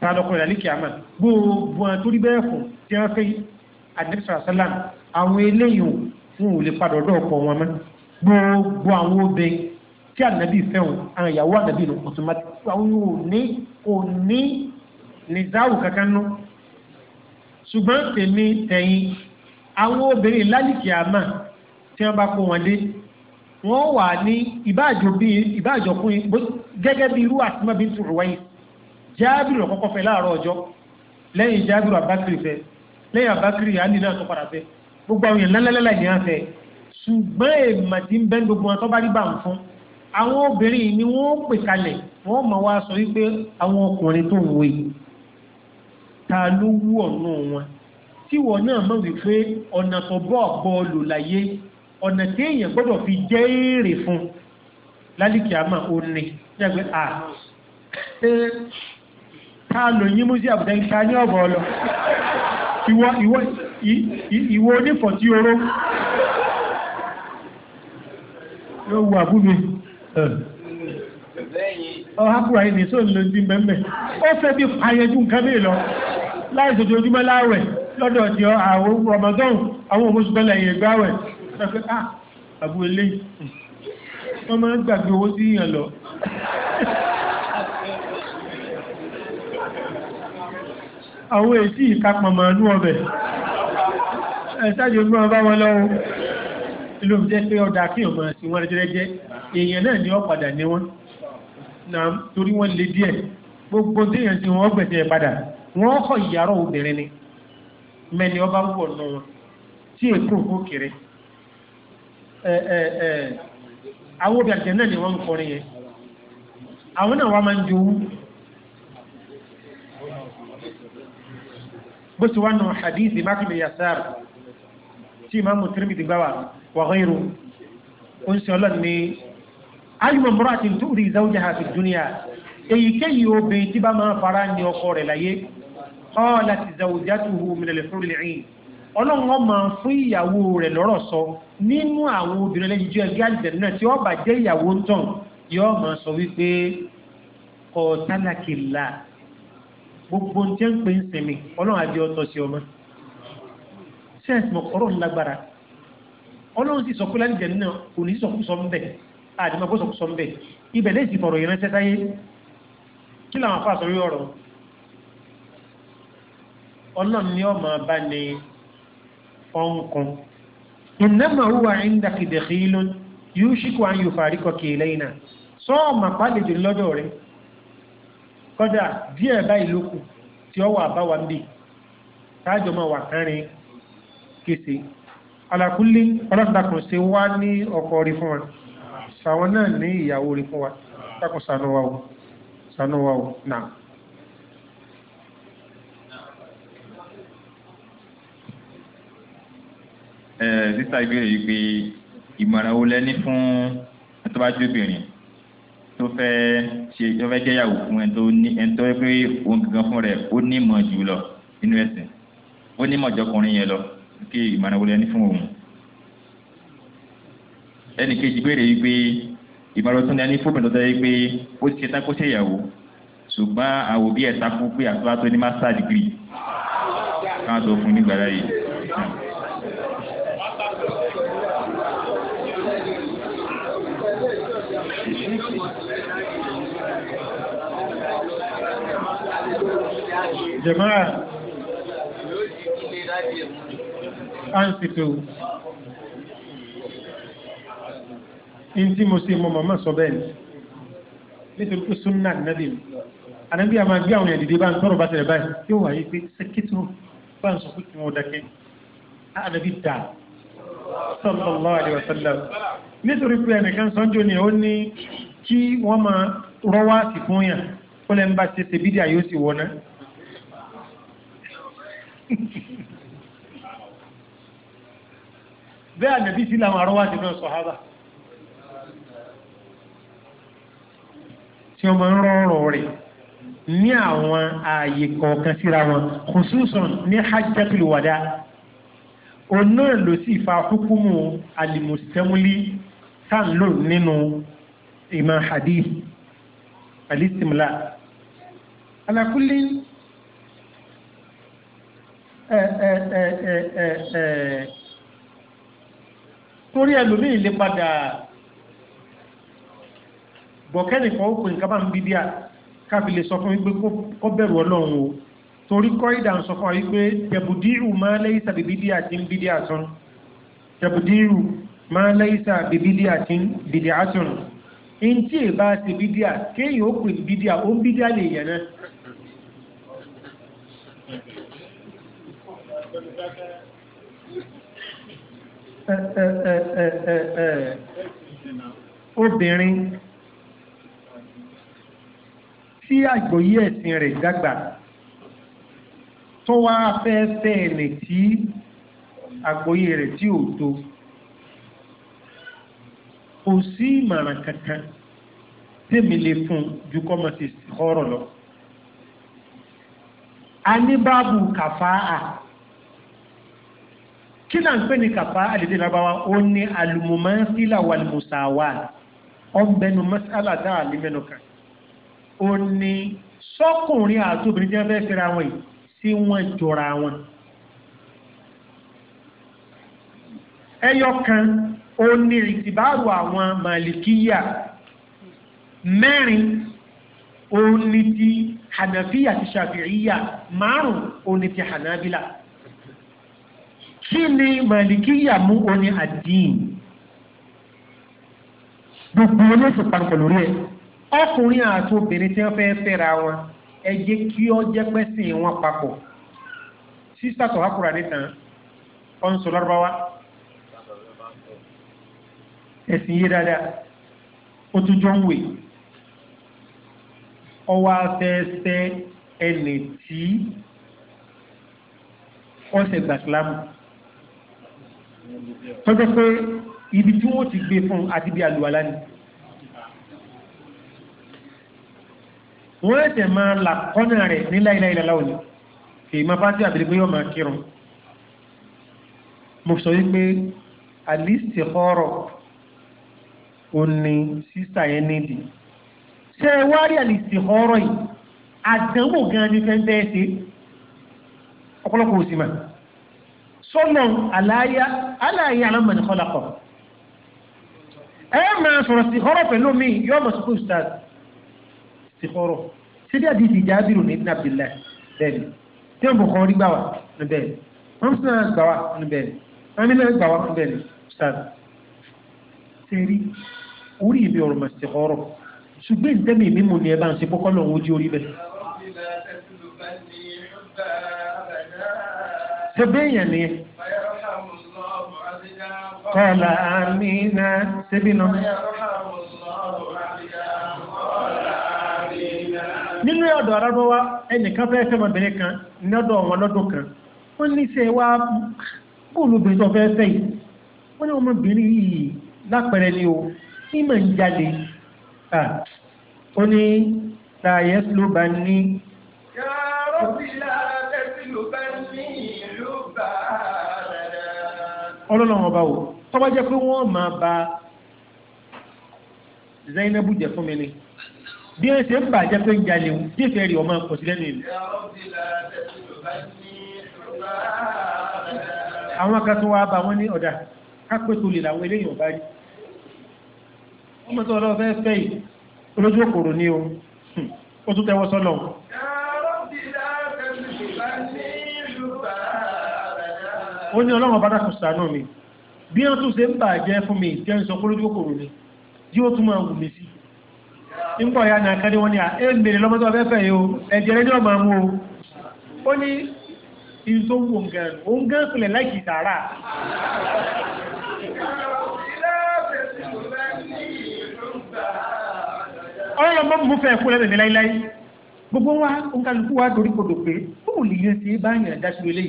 tààlọ́kọ̀ ìrìnàlẹ́ kìámà gbogbo àwọn torí bẹ́ẹ̀ fún tí wọ́n fẹ́ àdẹ́sọ̀rọ̀ sálàm àwọn eléyìí wọn ò lè padà ọ̀dọ̀ ọkọ wọn mọ́ gbogbo àwọn obìnrin tí ànábì fẹ́hùn àwọn ìyàwó ànábì nù ọ̀tọ̀mátì àwọn ò ní kò ní nìzáàrù kankan nù ṣùgbọ́n tèmi tẹ̀yìn àwọn obìnrin lálìkì jábìrì ọ̀kọ́kọ́ fẹ́ láàárọ̀ ọjọ́ lẹ́yìn jábìrì àbákìrì fẹ́ lẹ́yìn àbákìrì àní náà tó padà fẹ́ gbogbo àwọn èèyàn lálẹ́lẹ́lẹ́ ní àfẹ́ ṣùgbọ́n èèmà tí ń bẹ́ gbogbo wọn tó bá rí bá ń fún àwọn obìnrin ni wọ́n pè kalẹ̀ wọ́n mọ̀ wá sọ wípé àwọn ọkùnrin tó ń wo yìí ta ló wú ọ̀nà wọn tí wọn náà mọ̀ wípé ọ̀nà tó bọ́ bọ́ọ̀lù láyé ọ̀nà téèyàn gbọ́dọ̀ fi jẹ́ èrè fún lálìkí àmà ó ní ṣẹ́gbẹ́ à káàlò yí mú sí àbùtẹ́ ká ní ọ̀bọ̀ ọlọ ìwọ onífọ̀ tí oró yóò wù àbúmi ọ̀hápùrà yìí ní sóò lè ní mẹ́mẹ́ ó fẹ́ bí ayẹjú nǹkan mí lọ láì sòjò ojúmọ́ láwẹ̀ lọ́dọ̀ ti àwọn Ramadan àwọn òmóṣùgbọ́lẹ̀ yẹn gbáwẹ̀ sọ́kẹ́ ah àbúrò lẹ́yìn wọ́n máa ń gbàgbé owó sí ìyàn lọ àwọn èsì ìkápamọ̀ inú ọbẹ̀ ẹ̀sájú ogbọ́n bá wọn lọ́wọ́ ìlú jẹ́ pé ọdá kí ọmọ sí wọn jẹ́rẹ́jẹ́ èèyàn náà ni ó padà ní wọn náà torí wọ́n lè díẹ̀ gbogbo déèyàn tí wọ́n gbẹ̀tẹ̀ padà wọ́n kọ̀ ìyàrá obìnrin ni mẹ́ni ọba wọ̀ nù wọn tí èkó kó kéré àwọn obìnrin náà ni wọ́n ń kọrin yẹn àwọn náà wọ́n máa ń jowú bó ti wá nù hadithi mákìlì yasar tí ìmáàmù Tirmidhi gbáwà wa ghayru ó ń sọ ọlọ́run ní ayùmọ̀ mọ́ra ti tó rí zawjaha fi dunya èyíkéyìí obìnrin tí bá máa fara ní ọkọ rẹ̀ láyé qala ti zawjatuhu min al-hurr al-'ayn ọlọ́run ọmọ fún ìyàwó rẹ̀ lọ́rọ̀ sọ nínú àwọn obìnrin lẹ́yìn jẹ́ ẹgbẹ́ àjẹ́ náà tí ó bà jẹ́ ìyàwó ń tàn yóò máa sọ wípé kọ̀ọ̀tánàkìlá gbogbo ní jẹ́ ń pè ń sinmi ọlọ́run àjẹ ọtọ sí ọmọ sẹ́ẹ̀sì mọ̀ ọ̀rọ̀ lágbára ọlọ́run sì sọ pé láti jẹ̀nu náà kò ní sọkúsọ ń bẹ̀ àdìmọ̀ kó sọkúsọ ń bẹ̀ ibẹ̀ lè sì fọ̀rọ̀ yẹn ránṣẹ́ sáyé kí làwọn afọ àsọrí ọ̀rọ̀ ọlọ́run ni ọmọ bá ní ọ̀nkùn ìnáma wúwa ìndàkìdẹ̀kì lónìí yóò ṣíkò àyùfàríkọ̀ kì í lẹ́yìn sọ́ọ̀mà pálíjì lọ́dọ̀ rẹ̀ kọ́dà díẹ̀ báyìí lókù tí ó wà bá wa ń bì táàjọ máa wà kẹrin kése alákúlé ọlọ́dàkùn se wá ní ọkọ orí fún wa sàwọn náà ní ìyàwó orí fún wa dákùn sànú o sànú wa o náà. ẹ sísá ìbéèrè yìí pé ìmọ̀ràn wo lẹ́ni fún ẹtọ́bájú obìnrin tó fẹ́ ṣe tó fẹ́ jẹ́yàwó fún ẹ tó ní ẹ tó pé òun gangan fún rẹ ó ní ìmọ̀ jù lọ nínú ẹ̀sìn ó ní ìmọ̀ jọkùnrin yẹn lọ kí ìmọ̀ràn wọlé ẹni fún òun. ẹnì kejì béèrè yìí pé ìmọ̀ràn tó ní ẹni fún òbẹ̀dọ́dọ́ yìí pé ó ti ṣe tán kó ṣèyàwó ṣùgbọ́n àwọn òbí ẹ̀ takú pé àtúwá ní master degree káwọn tó fún nígbàdá yìí. Jẹ̀máà, Ánsìtò, in tí mo sí mọ màmá sọ bẹ́ẹ̀ nítorí pé súnnà nàbí mi. Ànábí a máa gbé àwọn ìdìdí bá ń sọ̀rọ̀ bá tẹ̀lẹ̀ báyìí tí ó wà yí pé sẹ́kítù bá ń sọ pé kí dákẹ́. Ànábí dáa sallallahu alayhi wa sallam nítorí pé ẹnìkan sọ́njọ́ ni ó ní kí wọ́n máa rọ́wá sí fún yàn ó lẹ́nu bá ti ṣe bídíà yóò sì wọ́n náà bẹ́ẹ̀ ànàbí sí làwọn arọ́wá ti náà sọ̀hábà tí ọmọ ń rọrùn rẹ̀ ní àwọn ààyè kọ̀ọ̀kan síra wọn khususan ní hajjatul wada ọ̀nà ló sì fa hukumu alimustamuli tánlò nínú ìmọ̀ hadith alistimla alakulli torí ẹlòmíì lè padà bọ̀kẹ́nìkan ó pè nǹkan bá ń bí díà káfí lè sọ fún wípé kó bẹ̀rù ọlọ́run o torí kọ́ ìdá ń sọ fún àyí pé jẹ̀bùdíìrù máa lẹ́yìísà bìbídí àti ń bídí àtún jẹ̀bùdíìrù máa lẹ́yìísà bìbídí àti ń bídí àtún in tí è bá ti bídí à kéyìn ó pè bídí à ó bídí à lè yẹn náà. obìnrin tí àgbọ́yé ẹ̀sìn rẹ̀ dàgbà tó wá fẹ́ fẹ́ẹ̀lẹ̀ tí àgbóyé rẹ̀ tí ò tó kò sí ìmọ̀ràn kankan tèmi lè fún ju kọ́mọ̀ sí ọ̀rọ̀ lọ a ní báàbù kàfáà kí là ń pè ní kàfá àdìdì lábáwá ó ní alùmọ̀mọ́sílà wà lùmùsàwà mọ́sálà dáà ní mẹ́nu kan ó ní sọ́kùnrin àtòbìnrin jẹ́ fẹ́ fẹ́ra wọn yìí tí wọ́n jọra wọn. ẹyọ kan ó ní ìtìbáàrò àwọn màlìkíyà mẹ́rin ó ní ti hànàfíyà ti ṣàfihìyà márùn ó ní ti hànàbílà kí ni màlìkíyà mú ó ní àdín gbogbo olóṣù pàǹkọ̀ ọkùnrin àti obìnrin tí wọ́n fẹ́ fẹ́ra wọn ẹ jẹ́ kí ọ jẹ́ pẹ́sìn wọn papọ̀ sísá sọ̀rọ̀ àkùrà nìkan ọ̀n sọ lọ́rọ́báwá ẹ̀sìn yé dáadáa ó tún jọ ń wè ọwọ́ afẹ́fẹ́ ẹnì tí ọ̀sẹ̀ gbàsílámù tọ́jọ́ pé ibi tí wọ́n ti gbé fún àti bí wọ́n ẹ̀sẹ̀ máa là kọ́nà rẹ̀ ní láìláìlá láwọn ni kìí máa bá tí àbílẹ̀ pé yóò máa kírun mo sọ wípé àlìsì ọ̀rọ̀ ò ní sísà yẹn nídi ṣé ẹ wá rí àlìsì ọ̀rọ̀ yìí àdánwò gan ni fẹ́ bẹ́ẹ̀ ṣe ọ̀pọ̀lọpọ̀ òsì mà sọ́nà àlàyé àlàyé alámọ̀nìkọ́lápọ̀ ẹ máa sọ̀rọ̀ sí ọ̀rọ̀ pẹ̀lú mi yóò mọ̀ sí kó ìsúta sí kọ́rọ̀ síbi àdìsí jábìrù ní ibn abdullahi bẹ́ẹ̀ ni tí wọ́n bọ̀kọ́ rí gbà wá níbẹ̀ ni wọ́n sì náà gbà wá níbẹ̀ ni wọ́n ní náà gbà wá níbẹ̀ ni sáàbì sẹ́rí orí ìbí ọ̀rọ̀ mà sí kọ́rọ̀ ṣùgbọ́n ìtẹ́mi mi mú ni ẹ bá ń ṣe kọ́kọ́ lọ́wọ́ ojú orí bẹ́ẹ̀. ṣe ni kọ́lá àmì náà ṣe nínú ọ̀dọ̀ arábọ́wá ẹnìkan fẹ́ fẹ́ ọmọbìnrin kan ní ọ̀dọ̀ wọn lọ́dún kan wọ́n ní sẹ́ wá bóòlù obìnrin fẹ́ fẹ́ yìí wọ́n ní ọmọbìnrin yìí lápẹ̀rẹ̀ ni o ní mọ̀ ń jalè ó ní láàyè ló bá ní. yàrá ti láàbẹ̀ tí ló bá ní ìlú bá rẹ̀. ọlọ́run ọba o tọ́wọ́ jẹ́ pé wọ́n máa ba Zainabu jẹ fún mi ni bí wọ́n ṣe ń bàjẹ́ pé ń jalè wù bí ìfẹ́ rí ọmọ kò sí lẹ́nu ìlú. àwọn kan tó wá bá wọn ní ọ̀dà kápẹ́tò lè làwọn eléyìí ọ̀bá rí ọmọ tó ọlọ́wọ́ fẹ́ fẹ́ yìí olójú òkòrò ní o hmm. ó tún tẹ́wọ́ sọ́lọ̀ ó ní ọlọ́wọ́ bára kò sàánà mi bí wọ́n tún ṣe ń bàjẹ́ fún mi jẹ́ ń sọ kólójú òkòrò ni yóò tún máa wù mí sí i nígbà ya nà kẹ́ni wọ́n ní à lọ́mọdé yìí o ẹ̀jẹ̀ ní ọmọ mú o ó ní sàárà. mú fẹ́ gbogbo wa wa torí pé ti bá eléyìí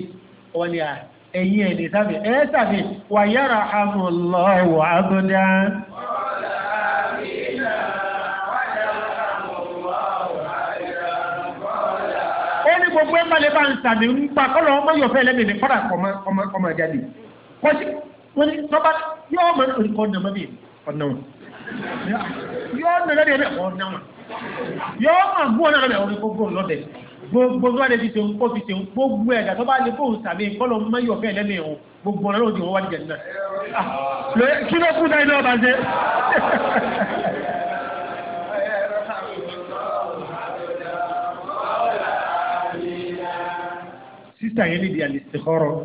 wọn ni à ẹ̀yin ẹ̀ lè sábẹ̀ ẹ̀ sábẹ̀ wà lọ́wọ́ gbogbo ẹ̀ balẹ̀ bá ń sàmì ń pa kọ́lọ̀ ọmọ yọ̀ fẹ́ lẹ́mìí ní kọ́dà ọmọ ìjáde kọ́sí wọ́n ní tọ́ba yọ ọmọ ìkọ́ ọ̀nà mọ́bí ọ̀nà wọn yọ ọ̀nà lọ́dẹ̀ ẹ̀bẹ̀ ọ̀nà wọn yọ ọmọ àgbọ̀ ọ̀nà lọ́dẹ̀ ọ̀rẹ́ gbogbo lọ́dẹ̀ gbogbo tó wàlẹ̀ fi ṣe ń kó fi ṣe ń gbogbo ẹ̀dà tó bá lè fóun sàmì kọ́lọ̀ ọmọ yọ̀ fẹ́ lẹ́mìí ọ̀hún gbogbo ọ̀nà lọ́dẹ̀ wọ́n wá sísà yẹn nídìí àlìsíkọ́rọ̀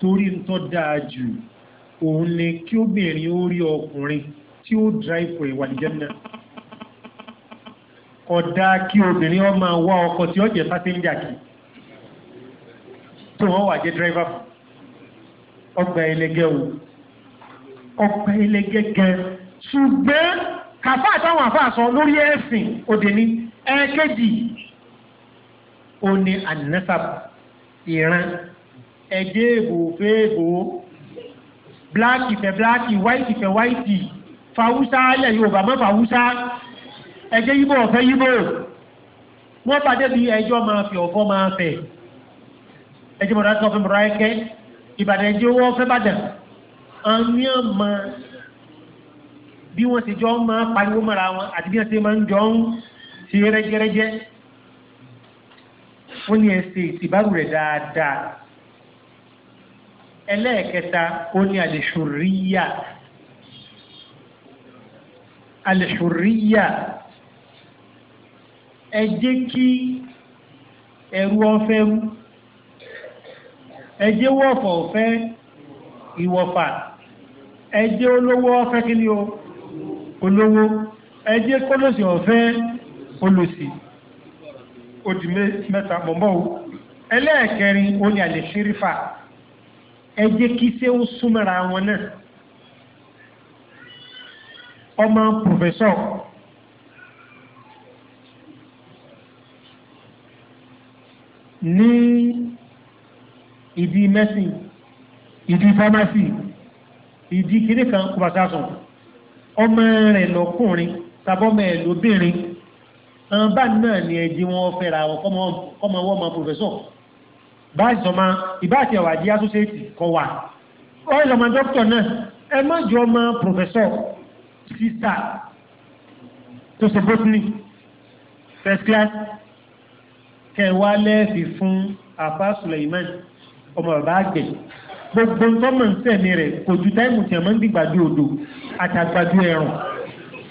torí ń tọ́ dáa jù òun ni kí obìnrin ó rí ọkùnrin tí ó drive for ìwà ìjẹ́nà kódà kí obìnrin ó máa wá ọkọ tí ó jẹ́ pásẹ́ńjà kì tó wọ́n wà jẹ́ driver ọgbà ẹlẹgẹ́ o ọgbà ẹlẹgẹ́ gan ṣùgbọ́n kàfá àtàwọn àfàṣọ lórí ẹ̀sìn òdìní ẹ̀ẹ́kẹ́jì ó ní ànínẹ́sàbù ìran ẹgbẹ́ èbò fẹ́ èbò bíláàkì fẹ́ bíláàkì wáìtì fẹ́ wáìtì fàwúsá ilẹ̀ yorùbá mọ́ fàwúsá ẹgbẹ́ yíbò ọ̀fẹ́ yíbò wọ́n bá débi ẹjọ́ máa fi ọ̀fọ́ máa fẹ̀ ẹjẹ́ mọ̀dá tó fẹ́ mọ̀dá ẹkẹ́ ìbàdàn ẹjẹ́ owó ọ̀fẹ́ bàdàn àmì àmà bí wọ́n ti jọ máa pariwo mọ́ra wọn àti bí wọ́n ti máa ń jọ ń ṣe rẹ́jẹ́rẹ́jẹ́ fún ní ẹsẹ̀ ìtìbárù rẹ̀ dáadáa ẹlẹ́ẹ̀kẹta ó ní àlẹ́ṣòríyà àlẹ́ṣòríyà ẹ jẹ́ kí ẹrú ọ̀fẹ́ rú ẹ jẹ́ wọ́ọ̀fọ̀ ọ̀fẹ́ ìwọ̀fà ẹ jẹ́ olówó ọ̀fẹ́ kí ni o olówó ẹ jẹ́ kólòsì ọ̀fẹ́ olòsì odi mẹ́ta mọ̀mọ́ o ẹlẹ́ẹ̀kẹrin ó ní àlè ṣírífà ẹ jẹ́ kí ṣé ó súnmọ́ra wọn náà ọmọ pòfẹ́sọ̀ ní ìdí mẹ́sìn ìdí fámásì ìdí kìnnìkan kò bàtà sùn ọmọ rẹ̀ lọ́kùnrin tàbọ́mọ ẹ̀ lóbìnrin àwọn bá náà ni ẹjí wọn fẹ́ra wọn kọ́mọ wọ́n mọ pòfẹ́sọ̀ báyìí sọmọ ìbáàtì ọ̀wàjí asosiéètì kọ wà ọ̀rẹ́ sọmọ dókítọ̀ náà ẹ má jọ ọmọ pòfẹ́sọ̀ sísà tó ṣe bótìní first class kẹwàá lẹ́ẹ̀fì fún àfà Suleiman ọmọ bàbá àgbẹ̀ gbogbo nǹkan mọ̀ ń sẹ̀mí rẹ̀ kò ju táìmù tí a máa ń dìgbàdo odò àtàgbàdo ẹ̀rùn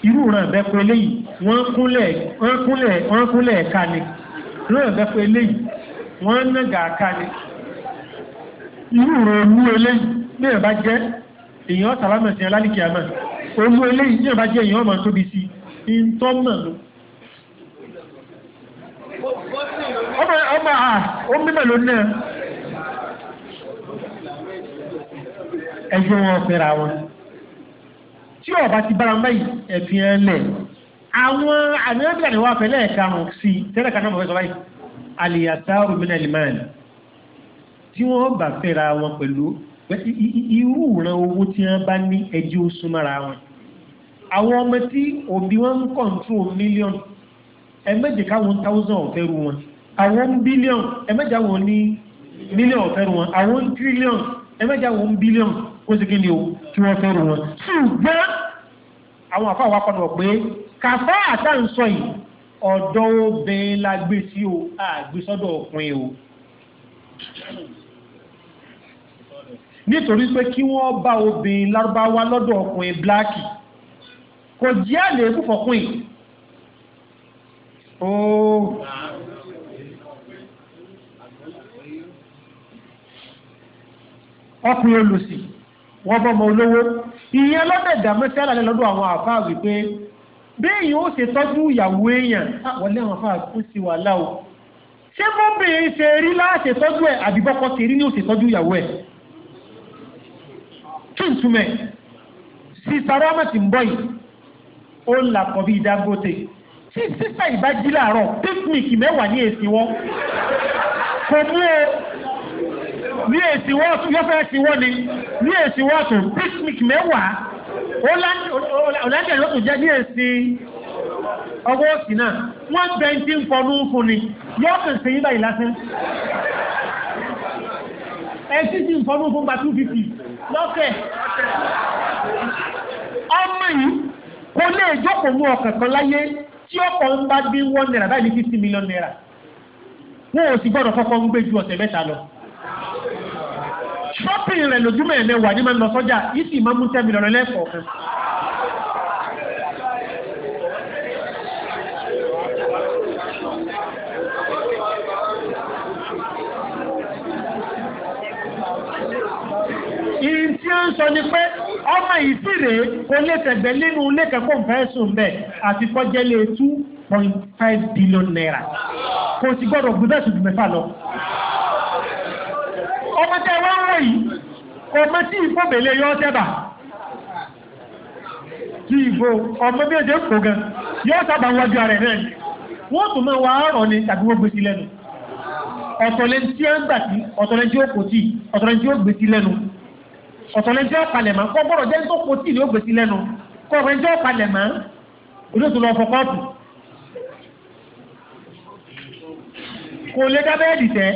irú ràn bẹ́ẹ̀ pé eléyìí wọ́n kúnlẹ̀ wọ́n kúnlẹ̀ wọ́n kúnlẹ̀ ẹ̀ka ni ràn bẹ́ẹ̀ pé eléyìí wọ́n nàgà ẹ̀ka ni irú ràn olú eléyìí ní ẹ̀bá jẹ́ èèyàn sàlámẹ̀ sí alálìkì àmà olú eléyìí ní ẹ̀bá jẹ́ èèyàn ọmọ tóbi sí i ń tọ́ mọ̀ lọ. ọmọ ọmọ à ó mímọ̀ ló náà ẹjọ́ wọn fẹ́ra wọn tí ọba ti bára mẹ́yì ẹ̀fì ẹlẹ̀ àwọn àmìlẹ́bí àdìwọ́ àfẹ́lẹ́ ẹ̀karùn sí tẹ́lẹ̀ kan náà mọ̀ fẹ́ sọ báyìí àlìyàtà rúmìnà ìlìmáàlì tí wọ́n bá fẹ́ra wọn pẹ̀lú irú ìran owó tí wọ́n bá ní ẹjí ó súnmọ́ra wọn àwọn ọmọ tí òbí wọn ń kọ̀ǹtró mílíọ̀nù ẹ̀mẹ́jì káwọn táwùsàn ọ̀fẹ́rù wọn àwọn ọ̀fẹ́rù wọn àwọn tírílíọ̀nù ẹ̀mẹ́jì o tí wọ́n fẹ́ràn wọn. ṣùgbọ́n àwọn àfa wa kọ́nà pé kàfá àtàǹsọ yìí ọ̀dọ́ obìnrin la gbé sí o àgbésọ́dọ̀ ọkùnrin o. nítorí pé kí wọ́n bá obìnrin lárúbáwá lọ́dọ̀ ọkùnrin bíláàkì kò jẹ́ àlè fúnfọ̀kùn yìí. ooo. ọkùnrin olùsìn wọ́n bọ́mọ olówó ìyẹn lọ́dẹ̀dà mẹ́sẹ́lá lẹ́lọ́dọ̀ àwọn àfáà wípé béèyàn ó ṣe tọ́jú ìyàwó èèyàn ah, wọlé àwọn àfáà tó sì wà láò ṣé bó bèèrè ṣe rí láṣẹ tọ́jú ẹ̀ àbíbọ́kọ́ ṣe rí ní ó ṣe tọ́jú ìyàwó ẹ̀ kí n túmẹ̀ sí sarọ́mọ̀ tí ń bọ̀ yìí ó ń là kọ́ bí Dangote tí sísá ìbá jí láàárọ̀ píkníkì mẹ́wàá ní èsì wọn kò mú o ní èsì wọ́ọ̀tù yóò fẹ́ ti wọ́ ni ní èsì wọ́ọ̀tù picnic mẹ́wàá ọ̀làǹdẹ̀ ló tún jẹ́ ní èsì ọwọ́ òsì náà wọ́n bẹ̀ ń tí ń fọnú fún ni yóò kàn sí yíba ìlásán ẹtí tí ń fọnú fún gba 250 lọ́kẹ̀ ọmọ yìí kò lè jókòó mú ọkàn kan láyé tí ọkọ̀ ń bá bí 1 naira báyìí ní 50 million naira wọn ò sì gbọ́dọ̀ kọ́kọ́ ń gbé ju ọ̀sẹ̀ mẹ́ta lọ ṣọ́pìn rẹ̀ lójúmọ̀ ẹ̀mẹ́ wà ní máa ń lọ sọ́jà yìí sì máa ń mú tẹ́mi lọ́rọ̀ lẹ́kọ̀ọ̀kan. ìyìn tí ó ń sọ ni pé ọmọ ìsìrè kò lè tẹ̀gbẹ́ nínú ilé kẹ́kọ̀ọ́ fẹ́ sùn bẹ́ẹ̀ àti kọjá lé two point five billion naira kò sì gbọ́dọ̀ gbọ́dọ̀ ṣùgbọ́n mẹ́fà lọ ọmọ tẹ́ wọ́n ń wọ̀ yìí ọmọ tí ìfọ̀bẹ̀lẹ̀ yọ tẹ́bà tí ìbò ọmọ bí èdè kò gan yóò sábà wájú ara rẹ̀ wọ́n tún máa wá ọ̀rọ̀ ni tàbí wọ́n gbé sí lẹ́nu ọ̀tọ̀lẹ̀ tí ó ń gbà sí ọ̀tọ̀lẹ̀ tí ó kò tí ọ̀tọ̀lẹ̀ tí ó gbé lẹ́nu ọ̀tọ̀lẹ̀ tí ó palẹ̀ mọ́ kọ́ bọ́rọ̀ jẹ́ tó kò tí ni ó gbé lẹ́nu kọ́ ọ̀rẹ́ tí ó palẹ̀ mọ́ olóòtú lọ fọ kọ́ọ̀pù kò lè dá tẹ́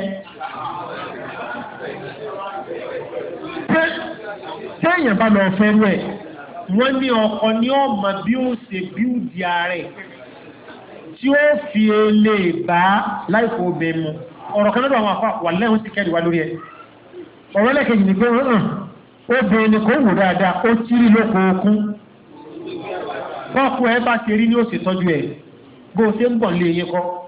pé téèyàn bá lọ fẹ́ rẹ̀ wọ́n ní ọkọ ní ọmọ bí ó ṣe bí ó di ààrẹ tí ó fi lè bá láìpò obè mu ọ̀rọ̀ kan lọ́dọ̀ àwọn àfà wà lẹ́hùn sí kẹ́rì wá lórí ẹ̀ ọ̀rọ̀ ẹlẹ́kejì ni pé obìnrin ni kò wù dáadáa ó tírí lóko okún bọ́ọ̀kú ẹ bá ti rí ní ó ṣètọ́jú ẹ̀ bó ṣe ń bọ̀ lé yín kọ́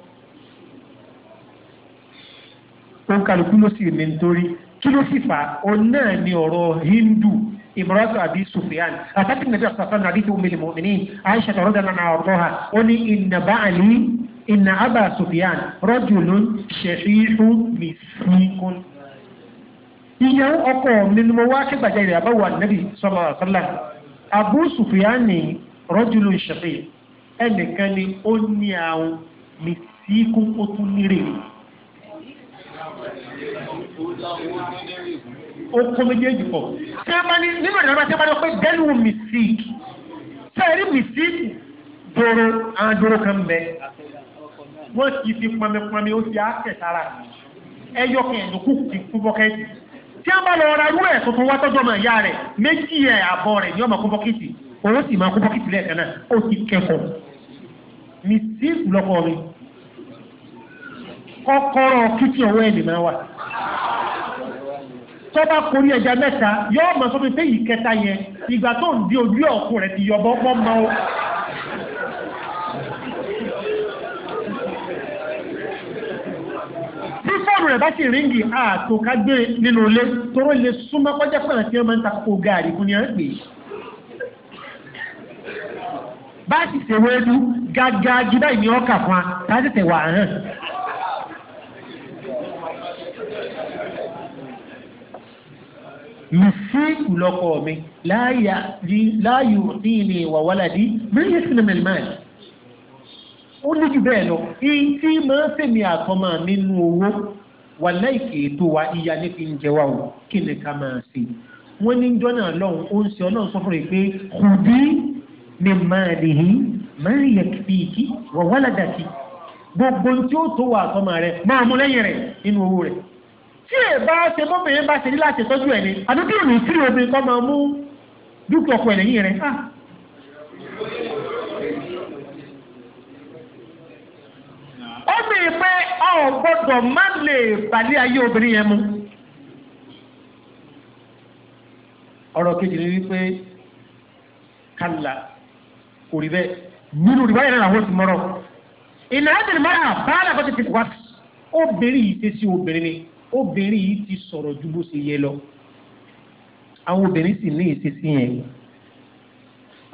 ó kálukú ló sì ní nítorí kí ló sì fà ó náà ní ọ̀rọ̀ hindu imratu abi sufyan àtàkì nàbí ọ̀sán nàbí tó mílì mọ́mìnì aisha tọ̀rọ̀ dáná náà ọ̀rọ̀ ha ó ní ìnà báàlì ìnà abà sufyan rajulun shafi'u miskun ìyàwó ọkọ mi ni mo wá kígbàjà ìrìn àbáwò ànábì sọlọ àṣálà abu sufyani rọjùlù shafi'u ẹnìkan ni ó ní àwọn mìsíkún ó tún nírèrè ó kó méjèèjì pọ̀. ṣé ẹ bá ní nínú ìdánwò ṣé ẹ bá ní pé bẹ́ẹ̀ni wò mistake ṣé ẹ rí mistake dòrò àwọn dòrò kan bẹ wọ́n ti fi pọnmẹpọnmẹ ó ti àkẹ́ sára ẹ yọ kẹ́ẹ̀dùn kù ti kú bọ́kẹ́tì tí a bá lọ ra irú ẹ̀ tuntun wá tọ́jú ọmọ ìyá rẹ̀ méjì ẹ̀ àbọ̀ rẹ̀ ní ọmọ kú bọ́kẹ́tì òun sì máa kú bọ́kẹ́tì lẹ́ẹ̀kan náà ó ti kẹ́kọ̀ọ́ mistake lọ́kọ̀ kọ́kọ́rọ́ kìtì ọwọ́ ẹ̀ nìmọ̀ wà tọ́ba korí ẹja mẹ́ta yóò mọ̀ sọ́dún pé ìkẹta yẹn ìgbà tó ń di ojú ọ̀kú rẹ̀ ti yọ̀bọ̀ pọ́ mọ́ o. bí fóònù rẹ̀ bá sì ríngì ààtò ká gbé nínú ilé toró lè súnmọ́ kọjá pẹ̀lú tí wọ́n máa ń ta kókó gaàrí fún ni à ń pè é. bá a sì ṣèwé ẹnu gágá jí báyìí ni ọkà fún wa tá a sì tẹ̀ wà hàn. mẹsíìkù lọ́kọ mi láàyò ní ilé ìwà wàládì mílíọ̀nù sinimẹ́lì máa ní. ó ní jù bẹ́ẹ̀ lọ iye tí máa ń fèmí àtọ́mọ́ mi nú owó wà láìkè ètò wa ìyá ní fi ń jẹ wá o kí ni ká máa ṣe. wọ́n ní jọ́ náà lọ́hùn ó ń ṣe ọlọ́run sọ pé kò ni máa lè yí máa yẹ kìkì wà wàládàkì gbogbo tí ó tó wà àtọ́mọ́ rẹ̀ máa mú lẹ́yìn rẹ̀ nínú owó rẹ̀ tí ẹ bá ṣe bọ́bìnrin bá ṣe ní láti tọ́jú ẹni àti bí òní tí omi kọ́ máa mú dúkìá ọkọ ẹ̀lẹ́yìn rẹ̀ ká. Ah. ó bì í pé ọ gbọ́dọ̀ má lè balẹ̀ ayé obìnrin yẹn mu. ọ̀rọ̀ kejì ni wípé kálá kò rí bẹ́ẹ̀ nínú rí báyìí náà wọ́n ti mọ́rọ̀. ìnáwó ti mọ́ra bá a làkọ́ wá obìnrin yìí ti sí obìnrin ni obìnrin yìí ti sọ̀rọ̀ ju bó ṣe yẹ lọ àwọn obìnrin sì ní ìṣesí yẹn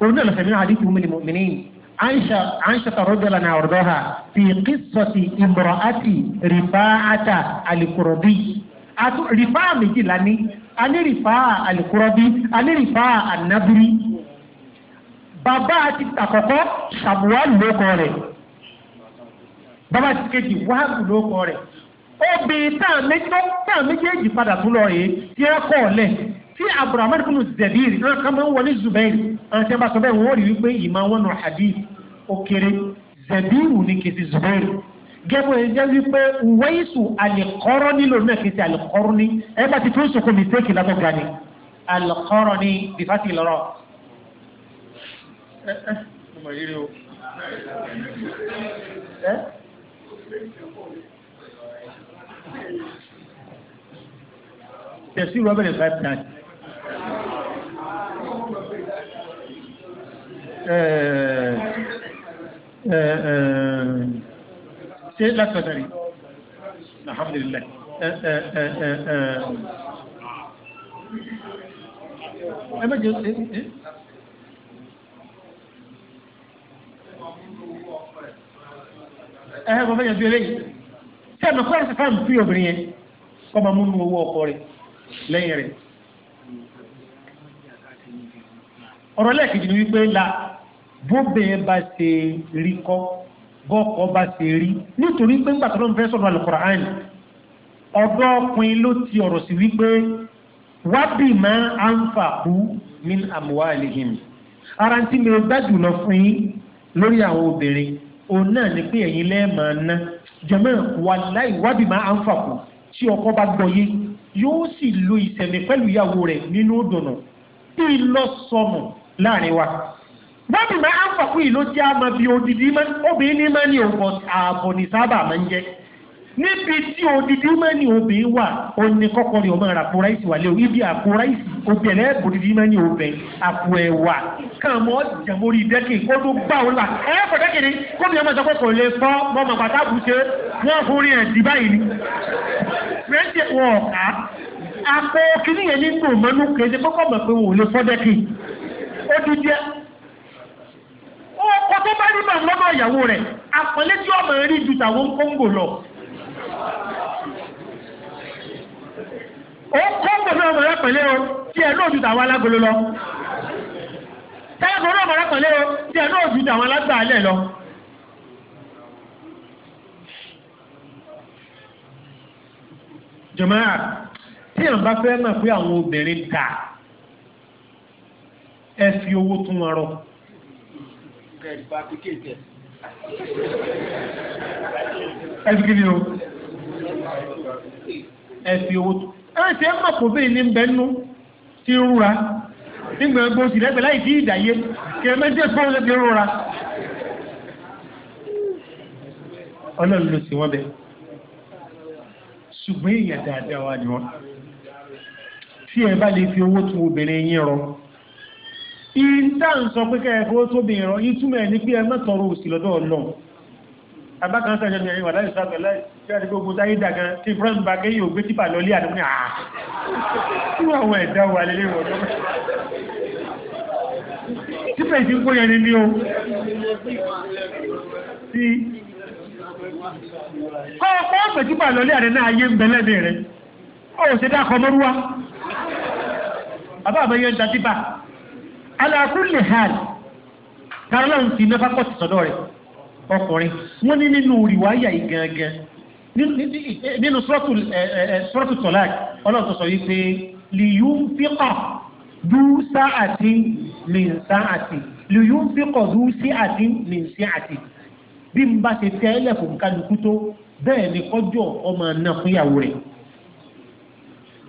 òun náà lọ́sẹ̀ mìíràn àdínkù mi ni mo mìíràn Aisha Aisha tarodala na ọ̀rọ̀dọ́ha fi qissati imra'ati rifa'ata al-Qurabi rifáà méjìlá ní anírìfáà al-Qurabi anírìfáà an-Nadri bàbá àti tàkọ́kọ́ Samuel lókọ rẹ̀ bàbá àti kejì Wahab lókọ rẹ̀ obìnrin táà méjèèjì padà tún lọ rèé tí ẹ kọ́ ọ̀lẹ̀ tí abdulrahman kunu zẹ̀bìrì náà kan máa ń wọlé zubairi àwọn tẹ́ bá sọ bẹ́ẹ̀ wọ́n rí wípé ìmọ̀ wọn nù hadith ó kéré zẹ̀bìrì ní kìí ti zubairi gẹ́gbẹ́ ẹ jẹ́ wípé wẹ́ẹ̀sù àlìkọ́rọ́ nílò náà kìí ti àlìkọ́rọ́ ní ẹ bá ti tún sọkò mistake látọ̀ gani àlìkọ́rọ́ ní bifati lọ́rọ̀. ẹ ẹ tẹ̀sí rọ́bẹ̀ rẹ̀ five times. ṣé láti ọ̀sẹ̀ rí alhamdulillah ẹ méje ṣe ẹ ẹ bọ́ fẹ́ yẹn bí eléyìí sẹ́mi kọ́rin sí fáìmù fí obìnrin yẹn kọ́ máa múnú owó ọkọ rẹ̀ lẹ́yìn rẹ̀ ọ̀rọ̀ lẹ́ẹ̀kejì ni wípé la bóbẹ̀ẹ́ bá ṣe rí kọ́ bọ́ọ̀kọ́ bá ṣe rí nítorí pé ńgbà tọ́lọ́ fẹ́ sọ̀rọ̀ Al-Qur'an ọ̀dọ́ ọkùnrin ló ti ọ̀rọ̀ sí wípé wábì máa anfaqu min amwalihim ara ti lè gbájú lọ fún yín lórí àwọn obìnrin òun náà ni pé ẹ̀yin lẹ́ẹ̀ máa jẹ̀mọ́ wàláì wábì máa ń fàkù tí ọkọ bá gbọ́yé yóò sì lo ìṣẹ̀mí pẹ̀lú ìyàwó rẹ̀ nínú dùnú bí lọ́sọ̀nù láàrin wa. wábì máa ń fàkù yìí ló jẹ́ àmọ́ bí odidi obìnrin ní máa ní ògbọ̀n ààbọ̀ ní sábà máa ń jẹ́ níbi tí odidi mẹ́ni obì wà òní kọ́kọ́rin ọmọ rà àpò ráìsì wà léwu ibi àpò ráìsì obì ẹ̀lẹ́ odidi mẹ́ni obì àpò ẹ̀wà kàn mọ́ jẹ̀mórí dẹ́kì kó tó gbà ó là ẹ̀ kò dẹ́kì ni kó mi ọmọ sọ pé kò lè fọ́ mọ́mọ́ bàtà bùṣe wọ́n fún rí ẹ̀dì báyìí ni. rẹ́ńtì wọ̀ ọ̀ká àpò kìnìyẹn ní gbòmọ́nú kejì ó kọ́ gbogbo ọmọ rẹ pẹ̀lẹ́ o tí ẹ̀ náà ju tàwọn alágolo lọ táyàgbọ́n ọmọ rẹ pẹ̀lẹ́ o tí ẹ̀ náà ju tàwọn alágbàálẹ̀ lọ. jọ̀mọ́ra tí àwọn bá fẹ́ mọ̀ pé àwọn obìnrin dà ẹ fi owó tún wọn rọ. ẹ fi kí ni o ẹ fi owó tó ẹ ṣe é mọ̀ kó bẹ́ẹ̀ ní bẹ́ẹ̀nu ti rúra nígbà gbogbo sì lẹ́gbẹ̀ẹ́ láì sí ìdàyé kí ẹ méjì tó lè fi rúra. ọlọ́run ló sì wọ́n bẹ́ẹ̀ ṣùgbọ́n èèyàn dáadáa wà ní wọn tí ẹ bá lè fi owó tó obìnrin yín rọ ìyí tá à ń sọ pé kẹ́ ẹ fowó tóbi rọ ìtumọ̀ ẹ̀ ní pé ẹ mẹ́tọ̀ọ́rọ̀ òsì lọ́dọ̀ ọlọ́run abákan sẹ́jọ́ ní ẹ̀yìn wà láì sáfẹ́ láì tí a ti gbogbo táyé dàgan tí france bá kéyìn ògbé típà lọ lé àdúgbò ah, àà tí wọ́n àwọn ẹ̀dá wà lélẹ́ wọ̀ lọ́wọ́ tí fẹ̀sí kó yẹn ní o sí kọ́ ọ̀pọ̀ ọ̀pẹ̀ típà lọ lé àdẹ náà ayé ń bẹ lẹ́bẹ̀ẹ́ rẹ̀ ó sì dá akọ mọ́rúwá bàbá àbẹ̀yẹ ń ta típà alákùnrin hàn kárọ̀lá ń fi mẹ́fà pọ̀ sí sọ́dọ̀ ọkùnrin wọ́n ní nínú rìwáyà yìí gangan nínú sọ́ọ̀tù tọ́lák ọlọ́run tó sọ yìí pé lìyú fíkọ̀ dú sáàtì min sáàtì lìyú fíkọ̀ dú síàtì min síàtì bí n bá ṣe tẹ́ ẹlẹ́kùn kálukú tó bẹ́ẹ̀ ni kọjọ́ ọmọ náà fún ìyàwó rẹ̀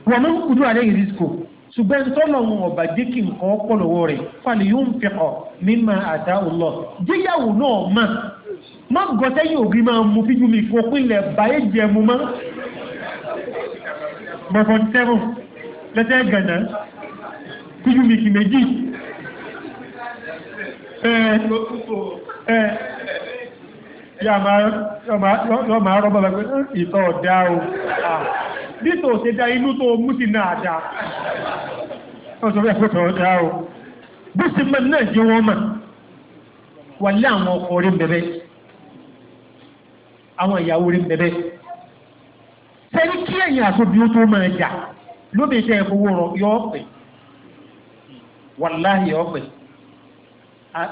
wọ́n mú kudu alẹ́ yìí disco ṣùgbọ́n tọ́lọ̀ wọn ọba jẹ́ kí nǹkan ọpọlọwọ rẹ̀ fàlẹ́ fẹ́kọ̀ mímọ àdá òlọ jẹ́yàwó náà mọ̀ má gọ́tẹ́ yìí ògì máa mú fíjú mi fún òpínlẹ̀ báyé jẹ mú mọ́ bọ̀fọ̀n tẹ́rùn lẹ́tẹ́ gànà fíjú mi kì méjì yọ máa rọ́ bàbá pé ìtọ̀ ọ̀dá o bí tó ṣe dá inú tó mú sí náà dá ọ̀sọ̀rọ̀ ẹ̀fẹ́ tọ̀ ọ̀dá o bí sí mẹ́ náà jẹ́ wọ́n mọ̀ wàlẹ́ àwọn ọkọ orí ń bẹ̀bẹ̀ àwọn ìyàwó orí ń bẹ̀bẹ̀ sẹ́ni kí ẹ̀yìn àtòbí ó tó máa jà lóbi iṣẹ́ ìfowó rọ yọ ọ̀pẹ̀ wàláhì ọ̀pẹ̀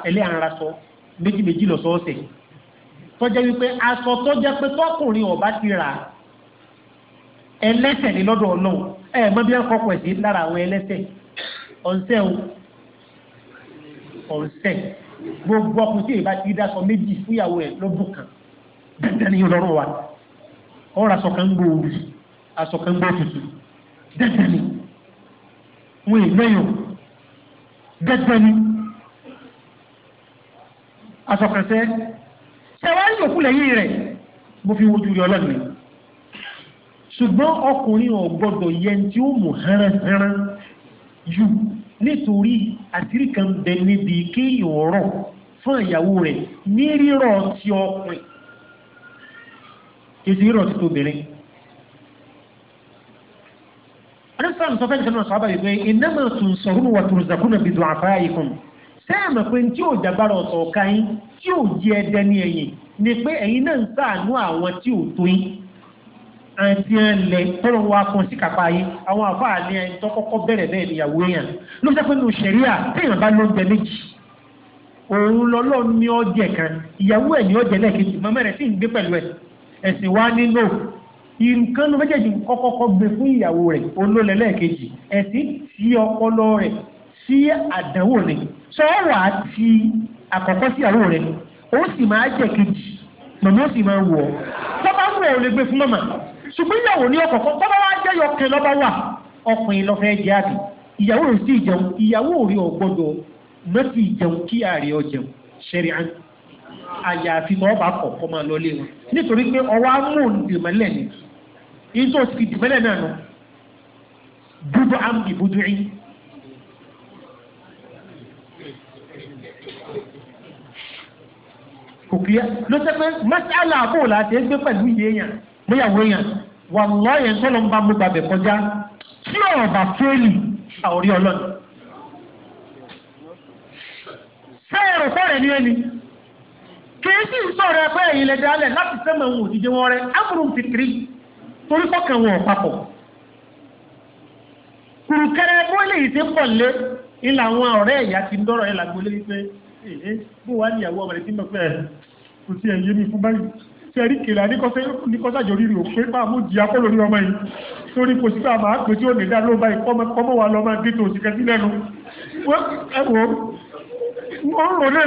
ẹlẹ́ àrà sọ méjì méjì lọ sọ́ọ̀sẹ̀ tọ́jẹ́ wípé aṣọ tọ́jẹ́ pé tọkùnrin ọ̀bá ti rà ẹlẹ́sẹ̀ ní lọ́dọ̀ ọlọ́run ẹ̀ mọ́ bí wọ́n kọ́kọ́ ẹ̀ sí lára àwọn ẹlẹ́sẹ̀ ọ̀nsẹ̀ ọ̀nsẹ̀ gbogbo ọkùnrin tí ìbá ti dáṣọ méjì fúyàwó ẹ̀ lọ́dún kan dandan ni ọlọ́run wa ọ̀rọ̀ aṣọ kan gbó orí aṣọ kan gbó tutù dandan ni wọn ìgbẹ́yàn dandan ni aṣọ kan sẹ́ ṣẹ̀wá ń yòókù lẹ́yìn rẹ̀ mo fi wojú rí ọlọ́run mi ṣùgbọ́n ọkùnrin ò yẹn tí ó mú hẹ́rẹ́hẹ́rẹ́ yù nítorí àṣírí kan bẹ níbi kéèyàn ọ̀rọ̀ fún ìyàwó rẹ̀ ní rírọ̀ ti ọkùnrin kìí ṣe rírọ̀ ti tóbìnrin. anisalaam sọ fẹ́ẹ́ sọ́nà sábà yìí pé iná máa tún sọ̀rọ̀ wà tó zakúnà bí dùn àfáà yìí fún un pé tí ò dàgbára ọ̀sọ̀ ọ̀ka yín tí ò jẹ́ ẹdẹ ní ẹ̀yìn ni pé ẹ̀yin náà ń ṣàánú àwọn tí ò tó yín àti ẹlẹ tọrọ wa kan sí kápá yìí àwọn àfa àlẹ ẹni tó kọ́kọ́ bẹ̀rẹ̀ bẹ́ẹ̀ níyàwó èèyàn ló fẹ́ pé nù sẹríà téèyàn bá ló ń jẹ méjì òun lọlọ ní ọjẹ kan ìyàwó ẹ ní ọjẹ lẹ́ẹ̀kejì mọ mẹrẹ sì ń gbé pẹ̀lú ẹ ẹsìn wa nínú nǹkan ló méjèèjì kọ́kọ́kọ́ gbé fún ìyàwó rẹ olólẹ lẹ́ẹ̀kejì ẹsìn tí ọpọlọ rẹ sí àdánwò ni sọ̀rọ̀ àti àkọ́kọ́ sí ìyàwó rẹ ó sì máa jẹ kejì màmá ó sì máa wọ ọ tọ́ bá wù ẹ́ ò lè gbé fún màmá ṣùgbọ́n ìyàwó ní ọkọ̀ọ̀kan tọ́ba wá jẹ́ yọkẹ́ lọ́ba wà ọkùnrin lọ́fẹ́ jẹ́ àbí ìyàwó rẹ̀ sì jẹun ìyàwó rí ọgbọ́dọ̀ mẹ́tì ìjẹun kí ààrẹ ọjẹun ṣẹ̀rí àn àyàfi mọ́ ọba kọ̀ọ̀kan máa lọ lé wọn nítorí pé ọwọ́ amóhùn dìmọ́lẹ̀ ni èyí tó ti dìmọ́lẹ̀ náà nù búdú àmì búdú rí kò kíyà ló sẹ́ pé mọ́sálà àbò làtẹ́ gbé pẹ̀lú ìyẹn yàn níyàwó yẹn wà lọ́ọ̀yẹ̀ ń tọ́lọ́ ń bá mú gbàgbẹ́ kọjá tí ọ̀bà fẹ́ẹ̀lì àwòrí ọlọ́ni. sẹ́ẹ̀rù fọ́ọ̀rẹ̀ ní ẹni kìí sì sọ̀rọ̀ ẹgbẹ́ ẹ̀yìn lẹ́dẹ̀ alẹ̀ láti sẹ́mọ̀ ohun òdìdí wọn rẹ̀ ámúrùn fìtìrí torí fọ́kàn wọn papọ̀. kùrùkẹrẹ ẹgbẹ́ lè ṣe pọ̀ lé ilà àwọn ọ̀rẹ́ ẹ̀yà ti ń dọ́rọ̀ ẹ̀ làgbọ́lé wípé bó wà níyàwó ọmọ rẹ̀ tí mo fẹ́ kò sí ẹ̀yẹ́ mi fún báyìí sẹ́rí kìlà ní kọ́sàjò rírì ò pé máa mú jìyà kọ́ lórí ọmọ yìí sórí kò sí pé àmà àpè tí ó lè dá ló báyìí kọ́mọ́ wa lọ máa dé tó òsìkẹ́ sí lẹ́nu ẹ̀wọ̀ wọ́n rò náà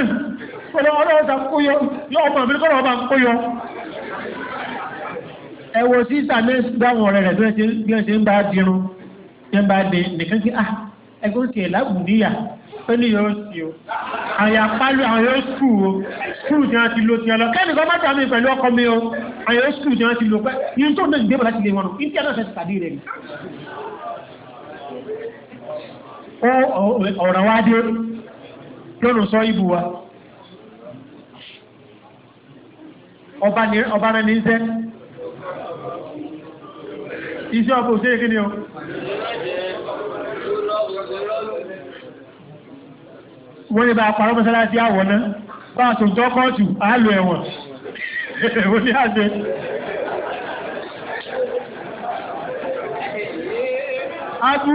pẹ̀lú ọlọ́wọ́ ta kóyọ yọ ọmọ mi kọ́ ọmọ kóyọ. ẹ̀wọ̀ sísà náà dáwọn ọ̀rẹ́ rẹ̀ bí wọ́n ṣe ń bá dirun bí wọ́n bá dé nìkan kí ah, ẹgbẹ́ ó tiẹ̀ lágùn níyà pẹ́lú yóò sí o àyà pálù àwọn yóò skù o skù tí wọ́n ti lo ti ọlọ kẹ́mi kọ́ mọ́tò àmì pẹ̀lú ọkọ mi o àwọn yóò skù tí wọ́n ti lo pẹ́ yín tó náà ìdébò láti lè wọn o ní tí ẹ náà ṣe ti rẹ̀ ni. ó ọ̀rọ̀ wa dé lọ́nà sọ ibù wa ọba rẹ̀ ní í sẹ́ iṣẹ́ ọba òṣèré kí ni o wọ́n ní bá a parọ́ mọ́sálásí àwọ̀ náà bá a tún tọ́ kọ́ọ̀tù àálò ẹ̀wọ̀n wọ́n ní àṣẹ. abu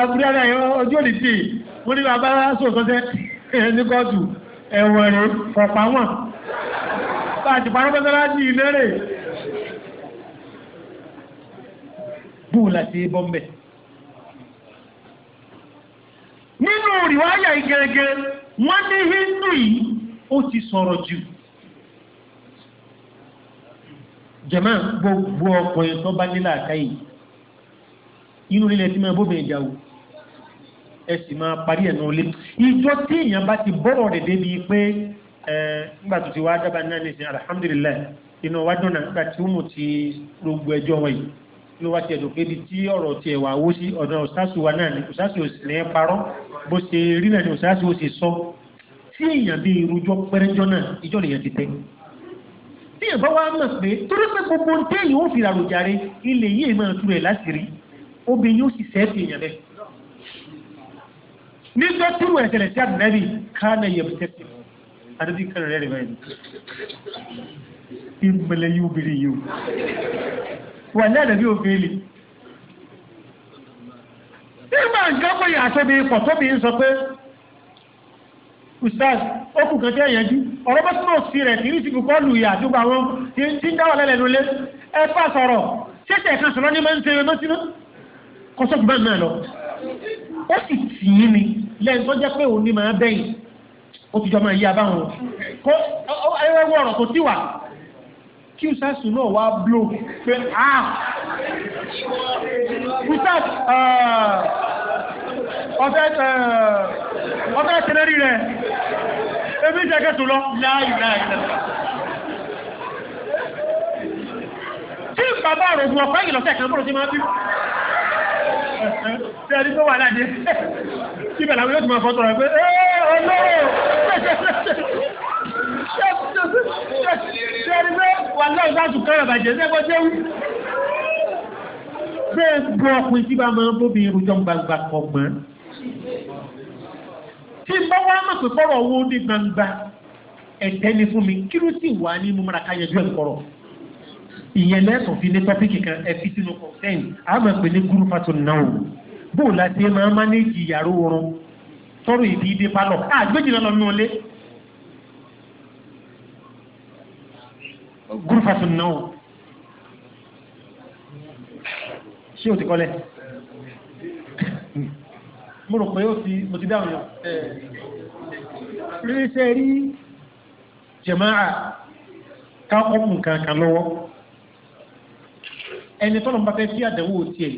abúrẹ́rẹ́ ojú òní tí wọ́n ní bàbá sòkòtẹ́ ní kọ́ọ̀tù ẹ̀wọ̀n rẹ̀ kọ̀pá wọn bá a ti parọ́ mọ́sálásí ilé rẹ̀ bùn láti bọ́m̀bẹ̀. rìwáyà ya wọ́n ní hindu yìí ó ti sọ̀rọ̀ jù jẹ̀mọ́ gbogbo ọkùnrin tó bá nílà àkáyì inú lílẹ̀ tí máa bóbin ìjà o ẹ sì máa parí ẹ̀ náà lé ìjọ tí èèyàn bá ti bọ́rọ̀ rẹ̀ débi pé nígbà tó ti wá dábàá náà nìsín alhamdulilayi inú wa náà nígbà tí ó mú ti gbogbo ẹjọ́ tí ó wá ti ẹ̀dùn pé ibi tí ọ̀rọ̀ tiẹ̀ wà wó sí ọ̀dọ̀ ọ̀sáàsù wa náà ni ọ̀sáàsù ò sì ní parọ́ bó ṣe rí náà ni ọ̀sáàsù ò sì sọ tí èèyàn bí irújọ́ pẹ́rẹ́jọ́ náà ìjọ nìyẹn ti tẹ́ tí èèyàn bá wá mọ̀ pé torí pé gbogbo ń tẹ́yìn ó fi ràrò jàre ilé yìí máa tú rẹ̀ láti rí obìnrin yóò sì sẹ́ẹ̀fì èèyàn bẹ́ẹ̀ nígbà tí wọ́n ẹ̀sẹ̀lẹ̀ sí àdìrẹ́bì wà ní àdàbí òfin ilé nígbà nǹkan pé àṣẹbi ipò tóbi ń sọ pé ustaz ó kù kan tí ẹ̀yẹ́ jú ọ̀rọ̀ bá túnmọ̀ sí rẹ̀ kìí sí kúkọ́ lù ìyà àdúgbò àwọn tí ń dáwọ̀ lẹ́lẹ̀ lólé ẹ fà sọ̀rọ̀ ṣẹ̀ṣẹ̀ kan sọ̀rọ̀ ní mẹ́ńtẹ́ ẹ̀mọ́ sínú kó sọ́kù bẹ́ẹ̀ náà lọ. ó sì tì í ni lẹ́yìn tó jẹ́ pé òun ni màá bẹ́yìn ó ti jọ máa yí abáwọn ẹ̀rọ ọ̀rọ̀ kò tí wà kí usas náà wá blow pé ah usas uh, ọ̀fẹ́ uh, ọ̀fẹ́ tẹ́lẹ́rí rẹ̀ ebi jẹ́ kẹ́tù lọ láàyè láàyè tí bàbá àrògùn ọ̀pá ìlọ́sẹ̀ kan bọ́rọ̀ sí máa bí tẹ́lẹ́rí tó wà láàdé tí bẹ̀rẹ̀ àwọn yóò ti máa fọ́tọ̀ rẹ̀ pé ẹ́ ọlọ́rọ̀ sọ̀rọ̀ bàjẹ́ sẹ́kọ̀ jẹ́wú. bẹ́ẹ̀ gbọ́ ọkùnrin tí bá máa ń bóbi irun jọ gbangba kọ̀ mọ́. tí n bá wá mọ̀ pé kọ́rọ̀ owó ní gbangba ẹ̀tẹ́ ni fún mi kí ló sì wà ní mo mara káyọ̀ jọ ìkọ̀rọ̀. ìyẹn lẹ́sùn fi ní tọ́pìkì kan ẹ fi sínú kọ̀ọ̀tẹ́yìn a máa pè ní gúrúfà tó náà bóòlù àti ẹ máa mánéjì yàrá oorun tọ́rọ̀ ìdí ìdí palọ̀ àgbéjì lọ́nà nù gúrúfàtù náà ṣé o ti kọ́lẹ̀ mo rò pé ó ti mo ti dáhùn yàn ríṣẹ́ rí jẹ̀máà káàkọ́kùn kankan lọ́wọ́ ẹni tọ́lọ̀ bá fẹ́ sí àdẹ̀wò tiẹ̀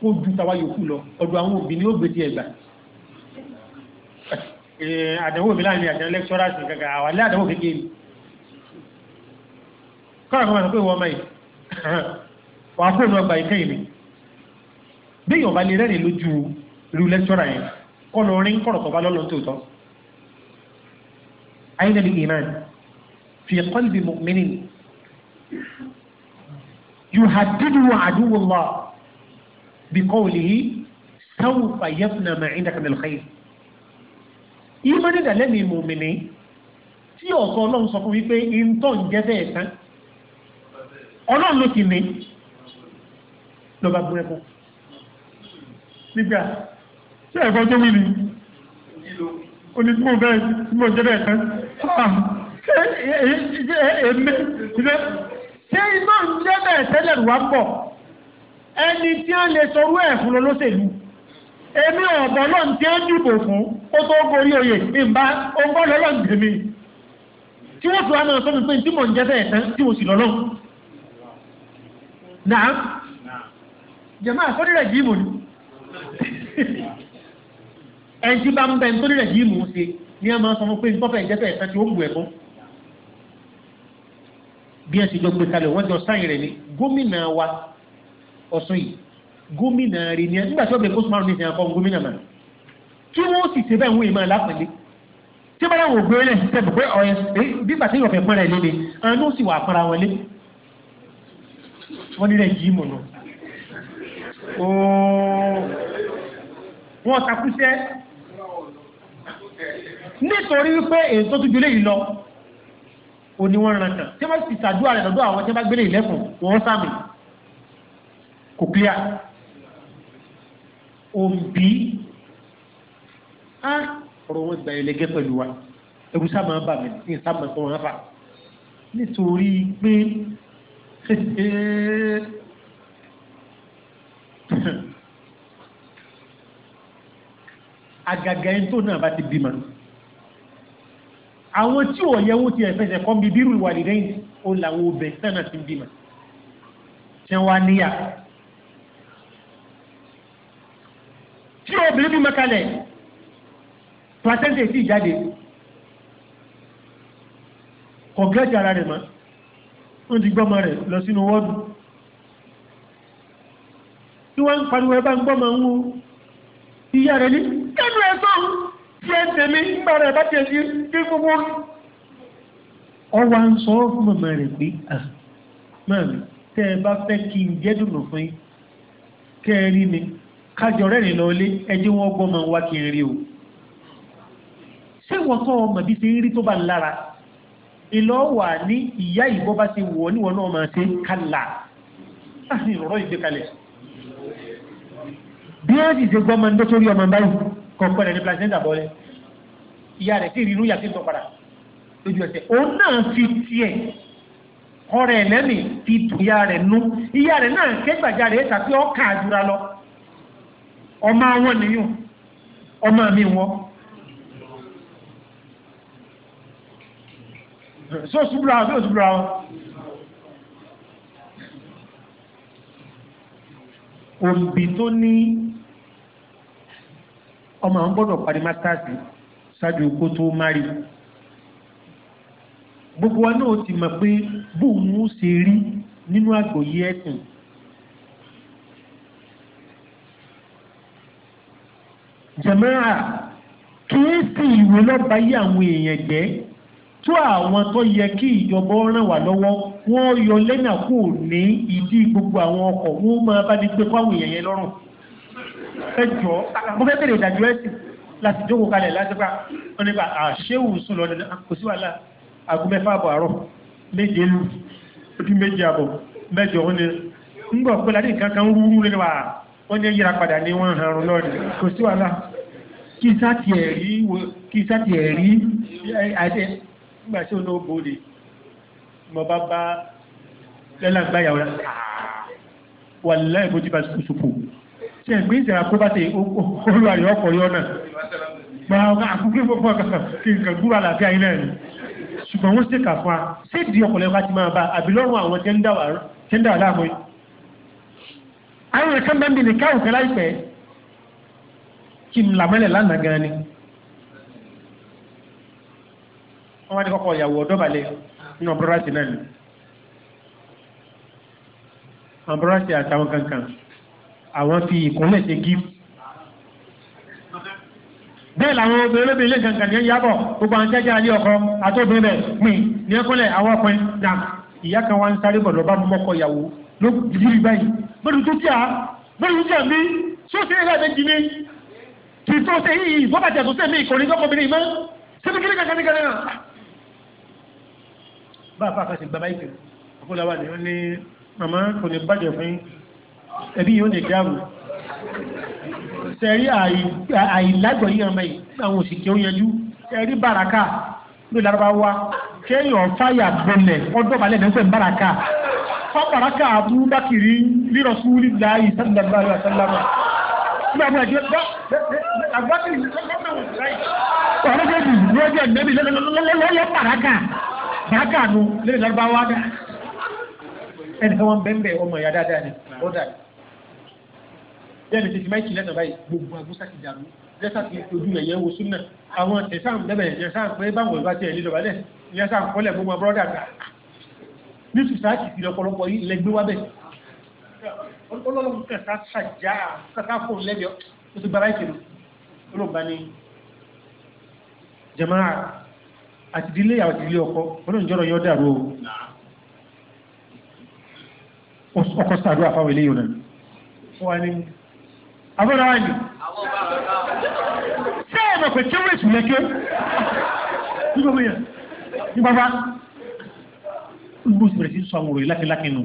kó ju tàwa yòókù lọ ọ̀dọ̀ àwọn òbí ni ó gbé tiẹ̀ gbà àdẹ̀wò mi láàrin àjẹ́ lẹ́kṣọ́rà sí gàgà àwàlẹ́ àdẹ̀wò kékeré kọ́ra kan máa sọ pé wọ́n mẹ́yìn wà á fún ìlú ọgbà ìkẹyìn ni bẹ́ẹ̀ yọ̀ọ̀bá lè rẹ́rìn lójú irú lẹ́kítọ́rà yẹn kọ́ lọ rí kọ̀rọ̀ kọ́ bá lọ́lọ́ tó tọ́ ayélujára iman fi qalbi mu'minin yuhaddidu aduwullah biqawlihi sawfa yafna ma indaka min alkhair ìmánì dàlẹ́ mi mùmìnì tí ọ̀sán ọlọ́run sọ fún wípé ìntọ́ ń jẹ́ bẹ́ẹ̀ tán ọlọ́run ló ti ní lọ́ba bú ẹkọ́ nígbà tí ẹ̀kọ́ tó wí ni oní tí mo bẹ́ẹ̀ tí mo jẹ́ bẹ́ẹ̀ kan ah, ṣé iná ń jẹ́ bẹ́ẹ̀ tẹ́lẹ̀ wá pọ̀ ẹni tí a lè sọrú ẹ̀ fún lọ́lọ́sẹ̀lú èmi ọ̀bọ̀ lọ́n tí ó dìbò fún ó tó gorí oyè ìbá ọgbọ́n lọ́lọ́n tèmi tí wọ́n tún á máa sọ mi pé tí mo ń jẹ́ bẹ́ẹ̀ tán tí mo sì lọ́lọ́run náà jẹ́mọ́ àkọ́dẹ̀rẹ̀ jíìmù ni ẹni tí bá ń bẹ tó dẹ̀rẹ̀ jíìmù ṣe ní a máa sọ fún pé nítọ́fẹ̀ ìjẹ́fẹ̀ ẹ̀fẹ́ tí ó gbù ẹ̀kún bí ẹ sì jọ gbé kalẹ̀ wọ́n jọ sáyìn rẹ̀ ni gómìnà wa Ọ̀ṣun yìí gómìnà rẹ̀ ni nígbà tí ó bẹ kó sùmárù ní ìsìnkọ́ gómìnà mà kí wọ́n sì ṣe bẹ́ẹ̀ wọ́n ìmọ̀ lápẹ̀lẹ́ tí bá dáwọ̀ ògbé lẹ̀ ṣiṣẹ́ pé ọ̀yẹ́ eh, bí gbà tí yọ̀fẹ̀ pẹ́rẹ́ lé ni àánú sì wà pẹ́ra wọn wọ́n nílẹ̀ yìí mọ̀nà wọ́n takúṣẹ́ nítorí wípé èyí tó túnjú léyìí lọ ò ní wọ́n rántà tí wọ́n ti ṣàdúrà rẹ̀ lọ́dọ̀ àwọn tí wọ́n bá gbélé ìlẹ́kùn wọ́n sàmì kò clear òǹbí á ah, ọ̀rọ̀ wọn gbà ẹlẹgẹ́ pẹ̀lú wa ẹ̀rù sáà máa bà mí ní sáà máa tọ́ wọn fà nítorí pé àgàgà ẹni tó náà bá ti bímọ àwọn tí ò yẹ wó ti ẹ̀fẹsẹ̀ kọ́ bí bírù wà lè rẹ́yìn ó làwọn obìnrin tí náà ti bímọ tí wọ́n á níyà tí obìnrin bímọ kalẹ̀ placenta ti jáde kọ̀gẹ́tì ara rẹ̀ mọ́ ó ti gbọ́mọ rẹ̀ lọ sínú wọ́dù tí wọ́n ń pariwo ẹbá ń gbọ́mọ ń wo ìyá rẹ̀ ní kẹ́nu ẹ̀ sọ́hún tí ẹ tẹ̀lé nígbà rẹ̀ bá tẹ̀lé dé gbogbo ọwọ́ ń sọ fún màmá rẹ̀ pé màmí tẹ́ ẹ bá fẹ́ kí n jẹ́ dùnú fún yín kẹ́ ẹ rí mi o ṣé wọ́n tọ́ ọmọ bí ṣe ń rí lára ìlọ wà ní ìyá ìbọ́ bá ti wọ̀ níwọ̀n náà máa ṣe kálà láti ìrọ̀rọ̀ ìgbékalẹ̀ bí wọ́n sì ṣe gbọ́ ọmọ ndó sórí ọmọ báyìí kọ̀ọ̀kan rẹ̀ ní placenta bọ́lẹ̀ ìyá rẹ̀ sì rí inú yàtí tọ́padà lójú ẹsẹ̀ òun náà fi tiẹ̀ ọ̀rẹ́ ẹ̀lẹ́mì fi dùn ìyá rẹ̀ nú ìyá rẹ̀ náà kẹ́gbàjá rẹ̀ tàbí ọkà àjùra lọ ọmọ wọn nìyàn ọmọ mi wọn so ṣubúra wọn so ṣubúra wọn. òǹbí tó ní ọmọ àwọn gbọ́dọ̀ parí mátàsí ṣáájú kó tó márì gbogbo wa náà ti mọ̀ pé bóun ṣe rí nínú àgbòyé ẹ̀sìn jẹ̀mẹ́rà kí é ìwé lọ́ba àwọn èèyàn jẹ́ tó àwọn tó yẹ kí ìjọba ràn wá lọ́wọ́ wọ́n yọ lẹ́nà kò ní ìdí gbogbo àwọn ọkọ̀ wọ́n máa bá ní pé fáwọn èèyàn yẹn lọ́rùn ẹ jọ mo fẹ́ bèrè ìdájọ́ ẹ̀sìn láti jókòó kalẹ̀ láti pa wọn nípa àṣewù sùn lọ dandan kò sí wàhálà aago mẹ́fà àbọ̀ àárọ̀ méje lu ojú méje àbọ̀ mẹ́jọ wọn ni ń gbọ̀ pé láti nǹkan kan rúurú lẹ́nu wa wọ́n ní yíra padà ní wọ́n hàn rún lọ́ọ̀dì kò sí wàhálà kí sáà tiẹ̀ rí nígbà tí òun náà bòde mo bá bá lẹ́làgbá ìyàwó rẹ̀ wà lẹ́yìn bójú bá ṣùkùṣùkù tí ẹ̀gbẹ́ ìjẹ̀rà kó bá ti olúwa rẹ̀ ọkọ̀ yọ náà gbàgbà àkókò ìfọ̀fọ̀ kí nǹkan gbúra àlàáfíà yín náà ni ṣùgbọ́n wọ́n sì kà fún wa ṣé ìdí ọkùnrin wa ti máa bá àbí lọ́rùn àwọn tẹ́ńdà wà láàmú yìí. àwọn ìkànnì bẹ́ẹ̀ ni káwọn kẹlá ìpẹ́ kí n làmọ́lẹ̀ lánàá gan ni. wọ́n wá ní kọ́kọ́ ìyàwó ọ̀dọ́bàlẹ̀ nínú ọ̀bọ̀rọ̀sì náà ni ọ̀bọ̀rọ̀sì àtàwọn kankan àwọn fi ìkúnlẹ̀ ṣe gí bẹ́ẹ̀ làwọn obìnrin olóbìnrin ilé kankan ní yábọ̀ gbogbo àwọn jẹ́jẹ́ alẹ́ ọkọ àtọ́bìnrin bẹ̀ pin ní ẹkúnlẹ̀ àwọn ọkùnrin na ìyá kan wá ń sáré bọ̀ lọ́ba mọ́kọ ìyàwó ló jírí báyìí bẹ́ẹ̀ tó tí a bẹ́ẹ̀ tó tí a mi sóòsì ẹ̀rọ ẹ̀mẹ́jì ni kì í tó ṣe yìí bọ́bàjẹ́ tó ṣe mí ìkọ̀rin lọ́kọ̀ọ́bìnrin mọ́ sẹ́mi kíní kankan ní kankan bá a fà kàṣì gbàbá ìkè ọ̀pọ̀lọpọ̀ ni ó ní màmá kò ní bàjẹ́ fún ẹbí yóò ní dáàbò sẹ́rí àìlágbọ̀ yìí ọmọ yìí àwọn òsìkè ó yanjú ẹ̀rí bàràkà ló lárúbá wá kéèyàn fáyà gbọlẹ̀ ọdún ọ̀bàlẹ̀ lẹ́sẹ̀ bàràkà fọ́bàràkà abúbákiri lírọ̀ súwúlì láàyè sálàmù àlọ́ sálàmù nígbà mú ẹ̀jẹ̀ gbọ́ àgbákiri lọ́wọ́ náà wọ̀ àsákànú lè lọ́gbà wá dá ẹni wọn bẹ́ẹ̀ ọmọ ìyá dáadáa ni ó dàbí yẹ́nì tètè máa kì lẹ́nà báyìí gbogbo agbóṣà ti dàrú lẹ́sà ti ojú ẹ̀yẹ wo súnà àwọn tẹ̀sán lẹ́bẹ̀ yẹn sáà pé báwọn ìbá tiẹ̀ lè lọ́balẹ̀ yẹn kọ́lẹ̀ gbogbo abúrọ́dà gbà ní sùsáàkì ti lọ́pọ̀lọpọ̀ yìí lẹ́gbẹ́ wá bẹ̀ ọlọ́run kẹta ṣàjá kẹta àti ìdílé àwọn ìdílé ọkọ ọlọ́run jọ́rọ̀ yọ dàrú o ọkọ sàdúrà fáwọn eléyìí ọ̀nà wà ní abọ́dá wà ní. ṣé ẹ mọ̀ pé kí wọ́n èsù lẹ́kẹ́ nígbà mọ̀ yẹn nígbà bá gbogbo ìbẹ̀rẹ̀ sí sọ àwọn òròyìn lákìlákì nù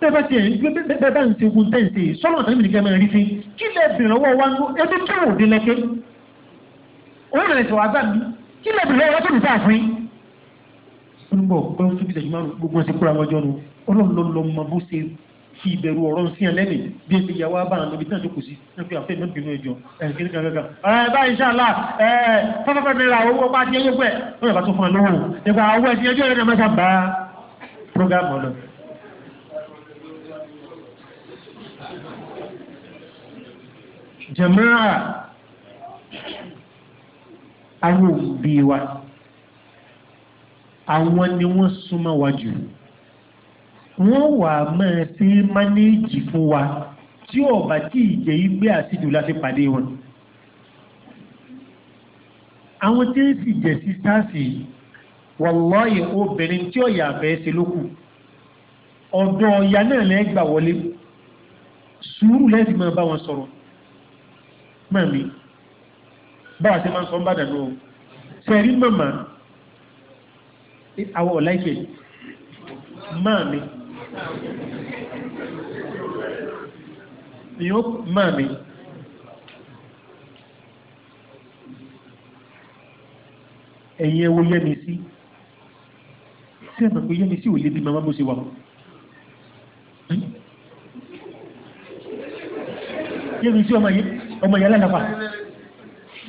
bẹ́ẹ̀ bá tiẹ̀ bẹ́ẹ̀ bá ń ṣe ogun tẹ́ǹtì sọ́nà ọ̀tàn ìbìlì kẹ́mẹ́rin rí sí kí lẹ́ẹ̀bìrì lọ́wọ́ wa ń lọ ẹbí kí wò ó dé lẹ́kẹ́ òun rẹ̀ sọ wá gbà mí kí lè bìrẹ̀ wọ́n tó lù táà fún yín. ń bọ̀ pé ó tóbi tẹ̀jú márùn gbogbo ọ̀sẹ̀ kúra wọ́jọ́ nu ọlọ́run ló mọ bó ṣe fi ìbẹ̀rù ọ̀rọ̀ ń síyàn lẹ́nu bí ebi ìyàwó abára níbi tí náà tó kù sí ẹ fi àfẹ́ mẹ́bí inú ẹjọ́ ẹ kiri kan kankan ẹ báyìí ṣáàlà ẹ fọ́fọ́fọ́ náírà owó bá ti ẹyẹ pẹ́ wọ́n yàgbá tó fún ẹ lọ́wọ́ nípa owó ẹ̀sìn ẹjọ́ ẹ̀rọ mẹ́ta bá àwọn òbí wa àwọn ni wọ́n súnmọ́ wa jù wọ́n wà máa ṣe mánéèjì fún wa tí ọba tí ìjẹ́ igbé àtijọ́ láti pàdé wọn. àwọn tí ń sì jẹ́ sí sáàsì wàlọ́ọ̀yì obìnrin tí ọ̀yà àfẹ́ ṣe ló ọ̀dọ̀ ọ̀yà náà lẹ́gbàá wọlé sùúrù lẹ́sìn máa bá wọn sọ̀rọ̀ màmí bá a ti máa ń sọ ń bá dànù o sẹ́rí màmá àwọn ọ̀láìkè máa mi yóò máa mi. ẹ̀yin ẹ̀wọ̀ yẹ́mi sí sí ẹ̀mọ̀ pé yẹ́mi sí ò lè bí màmá bó ṣe wà mọ́. yẹ́mi sí ọmọ yẹn lẹ́nàfà.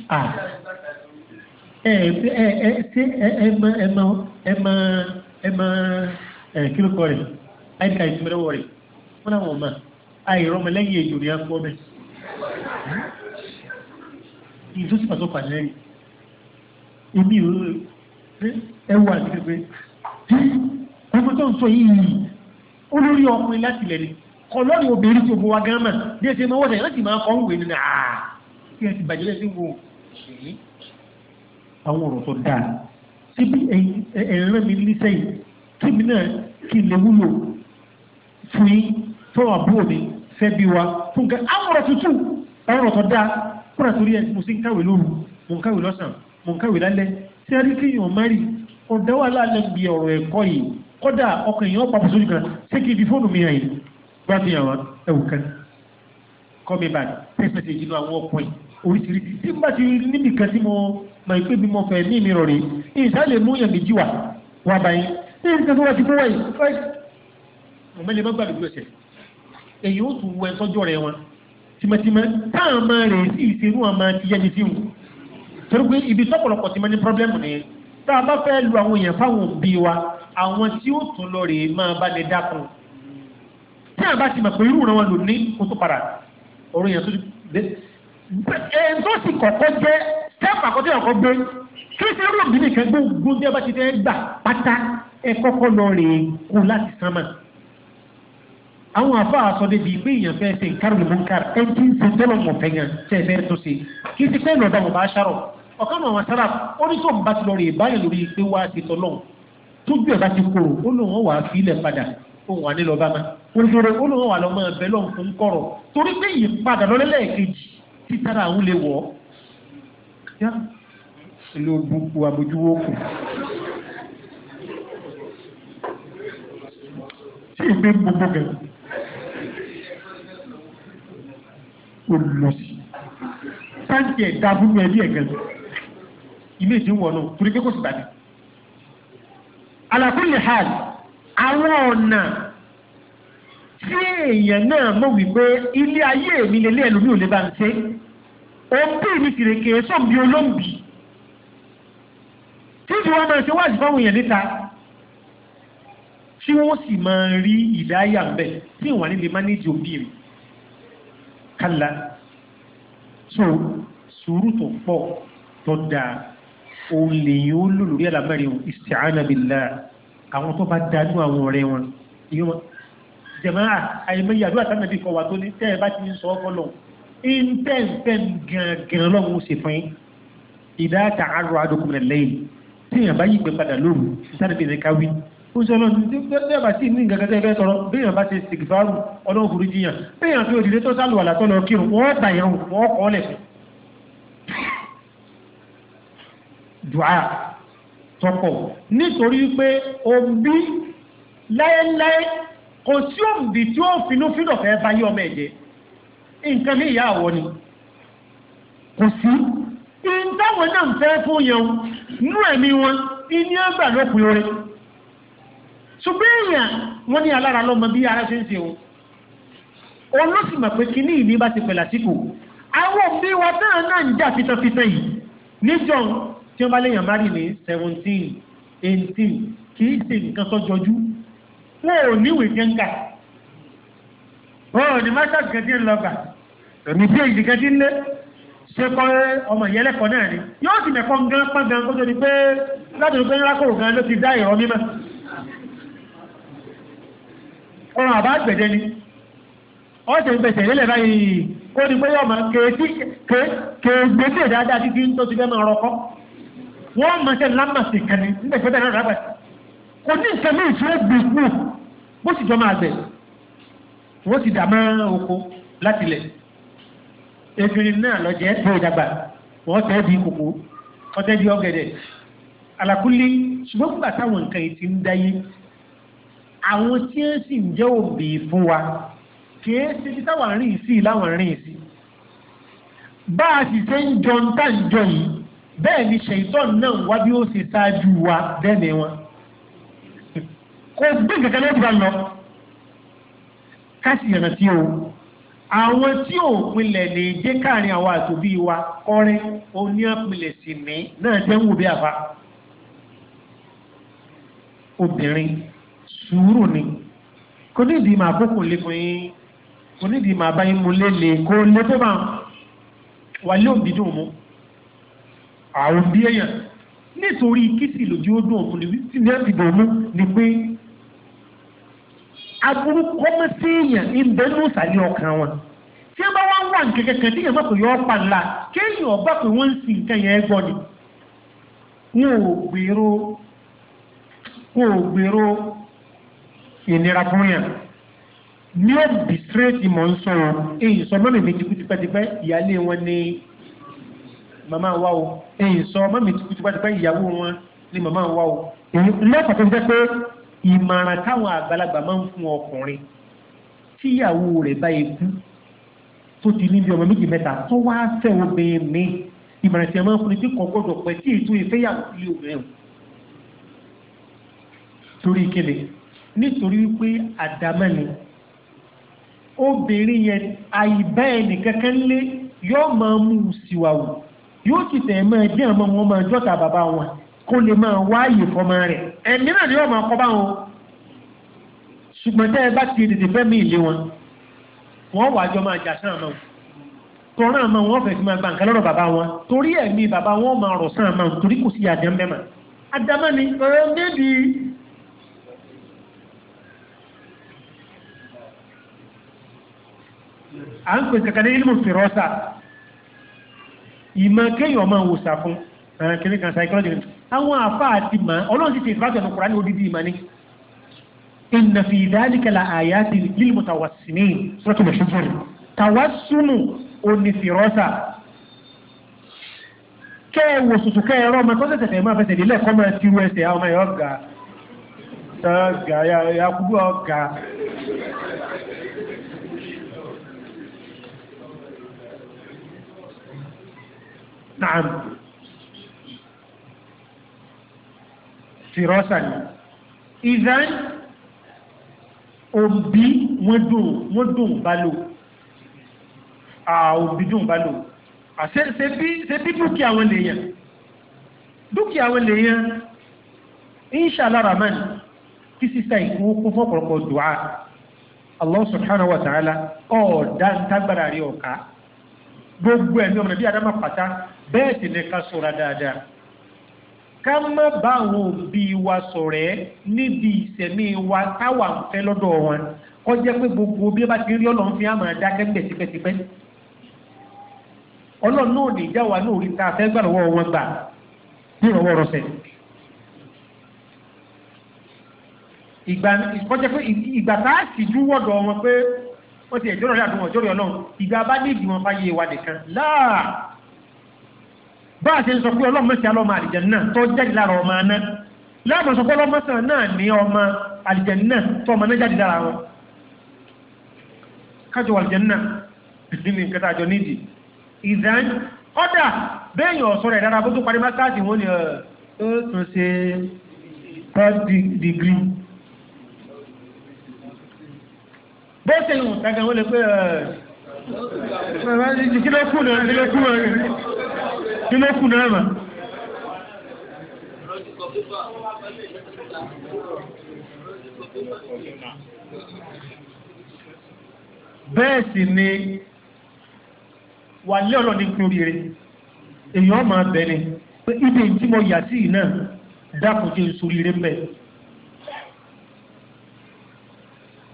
kílùkọ́ rẹ̀ àìdíkà ìtìmẹ́lẹ́wọ̀ rẹ̀ wọ́n láwọn ọmọ àìrọmọlẹ́yìn èjò ní akọ́ bẹ̀ ìjọ sí pàtó pàdánẹ́rì ibi ìrú ẹwà àti pípẹ́ ọmọ tó ń sọ yìí olórí ọkùnrin láti lẹ́ni kọlọ́rì obìnrin tí ó bọ́ gánmà bí ẹ ti máa wọ́n láti máa kọ́ ń wè nínú àà kí ẹ ti bàjẹ́ lẹ́sìn wo àwọn ọ̀rọ̀ tó dáa síbi ẹ̀rẹ́ mi níṣẹ́ yìí kí mi náà kí n lè wúlò fún yín tó àbúrò mi fẹ́ bí wa fún kẹ́ àwọn ọ̀rọ̀ tuntun àwọn ọ̀rọ̀ tó dáa kúrò torí ẹ mo sì ń kàwé lóru mo ń kàwé lọ́sàn mo ń kàwé lálẹ́ tí a rí kí èèyàn má rí ọ̀dà wà lálẹ́ bí ọ̀rọ̀ ẹ̀kọ́ yìí kọ́dà ọkàn èèyàn pa pàṣẹ kan ṣé kí ibi fóònù mi hàn yìí gbá mi àwọn ẹ̀wù kan kọ́ mi bàdí text message inú àwọn ọkùnrin oríṣiríṣi tí n bá ti níbi kan tí mo mọ̀ ìpè bí mo fẹ́ ní mi rọ̀ rèé ìyìnsá lè mú yàn méjì wà wà báyìí ní ìdíkan tó wà ti kó wáyé fáì mo mẹ́lẹ̀ má gbàdúgbò ẹsẹ̀ èyí ó tún wọ ẹ sọ́jọ́ rẹ wọn tìmọ̀tìmọ̀ táwọn máa rè sí ìṣerú àwọn máa ti yẹni sí wọn torí pé ibi tọ́pọ̀lọpọ̀ ti máa ní pọ́blẹ́mù nìyẹn tá a bá fẹ́ lu àwọn èèyàn fáwọn òbí wa àwọn tí ó tún lọ rèé máa bá lè dákun tí a bá ti mọ̀ pé irú ìran wọn lò ní kótó padà ọ̀rọ̀ èèyàn tó èyí tó sì kọ̀kọ́ jẹ́ step àkọ́tẹ́ ọ̀kọ́ gbé kírísítì ló bí nìkan gbogbo bí ẹ bá ti fẹ́ gbà pátá ẹ kọ́kọ́ lọ rèé kú láti sánmà. àwọn afọ àsọdẹ bíi pé èèyàn fẹ́ ṣe nkárò ló ń kárò ẹ ti ń ṣe tọ́lọ̀ mọ̀ fẹ́yàn tẹ́ ẹ fẹ́ tó ṣe kí ti fẹ́ lọ́dọ̀ wọn bá ṣàrọ̀ ọ̀kan náà wọn sára oníṣòwò bá ti lọ rèé báyọ̀ lórí pé wá ti tọ́lọ̀ tójú ẹ̀ bá ti kúrò ó lóun wà á fi ilẹ̀ padà òun wà nílò bá má òun lóore ó lóun wà lọ́ mọ́ ẹ lọ́n fún kọ̀rọ̀ torí pé ìyípadà lọ́lẹ́lẹ́ẹ̀kejì títàrà àwọn lè wọ̀ ọ́ ìlú gbogbo àbójúwò kù. tí ìgbé gbogbo gẹ̀ẹ́ ó lọ sí táǹkì ẹ̀dá fún ẹbí ẹ̀gẹ̀ ilé ìdí wọn náà torí pé kò sì bàdí. àlàkùnlé hàn àwọn ọ̀nà tí èèyàn náà mọ̀ wípé ilé ayé mi lélẹ́ ẹlòmí ò lè bá ń ṣe òbí mi sì rèké sọ́ọ̀bì olóńbì títí wọ́n máa ṣe wáàsí fáwọn èèyàn níta tí wọ́n sì máa rí ìdáyà ń bẹ̀ tí ìwà nílé mánéjì òbí mi kálá so sùúrù tó pọ̀ tó dáa òun lèyìn ó lò lórí àlámẹ́rin ìsìtìánà billah àwọn tó bá dájú àwọn ọ̀rẹ́ wọn jẹ̀mọ́ra àìmọye àdúrà tánà bí kọwà tó ní tẹ́ ẹ bá ti ń sọ ọkọ lọ ìntẹ́ǹtẹ́ǹ gẹ̀rẹ́gẹ̀rẹ́ lọ́wọ́ ó sì fún yín ìdá ta àrò àdókùnrin lẹ́yìn tí èèyàn bá yípe padà lóru sáré bèrè káwí ó sọ lọ́nà tí ẹ bá sì ní nǹkan tẹ́ fẹ́ tọrọ bí èèyàn bá ti sìgìfàrù ọlọ́run forí jiyàn bí èèyàn fi òdìdé tó sálù àlàtọ́ lọ kírun wọ́n tà kò sí òǹbì tí ó finú fínà fẹ́ báyé ọmọ ẹ̀jẹ̀ nǹkan ní ìyá àwọ̀ ni kò sí ìdáwọ̀ náà ń fẹ́ fún yẹn nú ẹ̀mí wọn iní ọgbà lópin orin ṣùgbọ́n èèyàn wọ́n ní alára lọ́mọ bí ara ṣe ń ṣe òun òun ló sì mọ̀ pé kíní ìní bá ti pẹ̀lá síkò àwọn òbí wa náà náà ń jà fitanfitan yìí níjọ tí wọ́n bá léèyàn má rí ní seventeen eighteen kì í ṣe nǹkan tó jọjú wọn ò níwèé jẹ́ńkà wọn ò ní masters kẹ́tí ń lọ́gà òní phd kẹ́tí ń lé ṣe kọ́ ọmọ ìyẹlẹ́kọ̀ọ́ náà ni yóò sì mẹ́kọ́ gan pọ́n gan kó tó di pé láti rí pé ńlá kòrò gan ló ti dá ìrọ́ mímọ́ ọ̀rọ̀ àbá gbẹ̀dẹ̀ ni ọ̀sẹ̀ ìgbẹ̀sẹ̀ lélẹ̀ báyìí kó di pé yóò máa kéèké gbèsè dáadáa títí tó ti fẹ́ máa rọkọ́ wọ́n máa ṣe lámàsì kan ní nígbà ìfẹ́ bẹ́ẹ̀ náà rábà kò ní ìṣẹ́mi ìṣẹ́ gbèsè bó sì jọ máa gbẹ̀ wọ́n ti dà máa oko láti lẹ̀ efirin náà lọ́jẹ́ tó ìdàgbà wọ́n tẹ́ di kòkó wọ́n tẹ́ di ọ̀gẹ̀dẹ̀ àlàkúlé ṣùgbọ́n nígbà táwọn nǹkan yìí ti ń dáyé àwọn tí ó sì ń jẹ́ òbí fún wa kìí ṣe ti táwọn rìn sí láwọn rìn sí bá a sì ṣe ń jọ ń tà ń jọ yìí bẹ́ẹ̀ ni ṣèyítọ́ náà wá bí ó ṣe ṣáájú wa bẹ́ẹ̀ ni wọn kò gbé kẹ̀kẹ́ ló ti bá lọ káṣí yànnà sí o àwọn tí ò pinlẹ̀ lè jẹ́ káàrin àwọn àtòbí wa kọ́rẹ́ oníọ̀pinlẹ̀ sì ní náà jẹ́ ń wò bí àfa obìnrin sùúrù ni kò ní ìdí máa kókò lé fún yín kò ní ìdí máa bá yín mu lélẹ̀ kó lé tó máa wà lé òbí dùn mú àwọn bí èèyàn nítorí kìsì lójú ó dùn òun ní wípé ní mú ni pé agbóró kọ́mọ́ sí èèyàn ìbẹ́nu ìsàlẹ̀ ọkàn wọn tí wọ́n wá wà ní kẹ̀kẹ́ tí yẹ̀mọ́ pé yọ́ pa ńlá kéèyàn ọba pé wọ́n ń sin nǹkan yẹn gbọ́ ni wọn ò gbèrò wọn ò gbèrò ìnira fún yàn ní òbí straight mọ̀ ń sọ̀rọ̀ èyí sọ mọ́mí mi ti kú tipẹ́tipẹ́ ìyáálé wọn ni màmá wa o èyí sọ mọ́mí tipẹ́tipẹ́ ìyàwó wọn ni màmá wa o lẹ́kọ̀ọ́ tó ń jẹ́ pé ìmọ̀ràn táwọn àgbàlagbà máa ń fún ọkùnrin tíyàwó rẹ̀ bá ikú tó ti níbi ọmọ méjì mẹ́ta tó wá fẹ́ obìnrin mi ìmọ̀ràn tí a máa ń fún ní tí kò gbọ́dọ̀ pẹ́ tí ètò ìfẹ́yàwó ilé obìnrin torí kíni nítorí wípé àdámọ́ ni obìnrin yẹn àìbá ẹnì kankan lé yóò máa mú un síwáwò yóò sì tẹ̀ máa jẹ́ àmọ́ wọn máa jọ́ta bàbá wọn kó lè máa wáyè fọmọ rẹ̀ ẹ̀mí náà ni wọ́n máa kọ́ bá wọn ṣùgbọ́n tẹ́ ẹ bá ti dìde fẹ́ mi ìlé wọn wọ́n wà jọ máa jà sáà máa tọ́rọ àmọ́ wọn fẹ̀ẹ́ fi máa gba nǹkan lọ́rọ̀ bàbá wọn torí ẹ̀mí bàbá wọn máa rọ̀ sáà máa torí kò sí àjẹ́ mbẹ́mà àdámá ni ọ̀rẹ́ méjì à ń pè kankan ní ilmu fìrọ́sà ìmọ̀ kéèyàn máa wòsàn fún kìnnìkan psychology àwọn àfá àti ma ọlọ́run ti ṣe ìfàṣẹ̀ ní kùránì odidi ìmọ̀ ni inna fi dhalika la ayati lil mutawassimin sọ́tún mẹ́ṣọ́fún tawassumu onífìrọ́sà kẹ́ẹ̀wò sùsù kẹ́ẹ̀rọ ọmọ tó tẹ̀tẹ̀ máa fẹsẹ̀ nílẹ̀ kọ́ máa naam fìrọ́sà izan obi òbí wọ́n dùn bá lò òbí dùn bá lò ṣe bí dúkìá wọn lèèyàn dúkìá wọn lèèyàn inṣàlá rahman kí fọ́pọ̀lọpọ̀ dùá wa ta'ala ọ̀ọ́dá ń rí gbogbo ẹ̀mí ọmọ nàbí adama pàtá bẹ́ẹ̀ sì ká sọ́ra dáadáa ká má bá àwọn òbí wa ṣọ̀rẹ́ níbi ìṣẹ̀mí wa táwa ń fẹ́ lọ́dọ̀ wọn kọjá pé gbogbo bí bá ti rí ọlọ́run fi àmà dákẹ́ ń bẹ̀ tipẹ́tipẹ́ ọlọ́run náà ní ìjà wa náà rí ta fẹ́ gbà lọ́wọ́ wọn gbà ní ìrọ̀wọ́ rọ̀ṣẹ̀. ìgbà kọjá pé tá a sì dúró wọ̀dọ̀ wọn pé wọ́n ti ẹ̀jọ́ rẹ̀ àdúgbò ọjọ́ rẹ̀ ọlọ́run ìgbà bá ní ìgbìmọ̀ bá wa nìkan láà. bá a ṣe sọ pé ọlọ́run mẹ́sàn-án àlìjẹ̀nà tó jáde lára ọmọ aná láàmú sọ pé ọlọ́run mẹ́sàn náà ní ọmọ àlìjẹ̀nà tó ọmọ náà jáde lára wọn. kájọ àlìjẹ̀nà ní nǹkan tá a jọ nídìí ìdán ọ̀dà bẹ́ẹ̀yìn ọ̀sọ́ rẹ̀ dára bó tó parí mọ́sáàtì wọn ni ó tún ṣe third degree. bó ṣe wọn lè pé kí ló kù náà mà. bẹ́ẹ̀ sì ni wà lé ọ̀lọ́ ní kúrò rere èèyàn máa bẹ̀ ni pé ibi tí mo yà sí yìí náà dákòjé sórí rere mbẹ.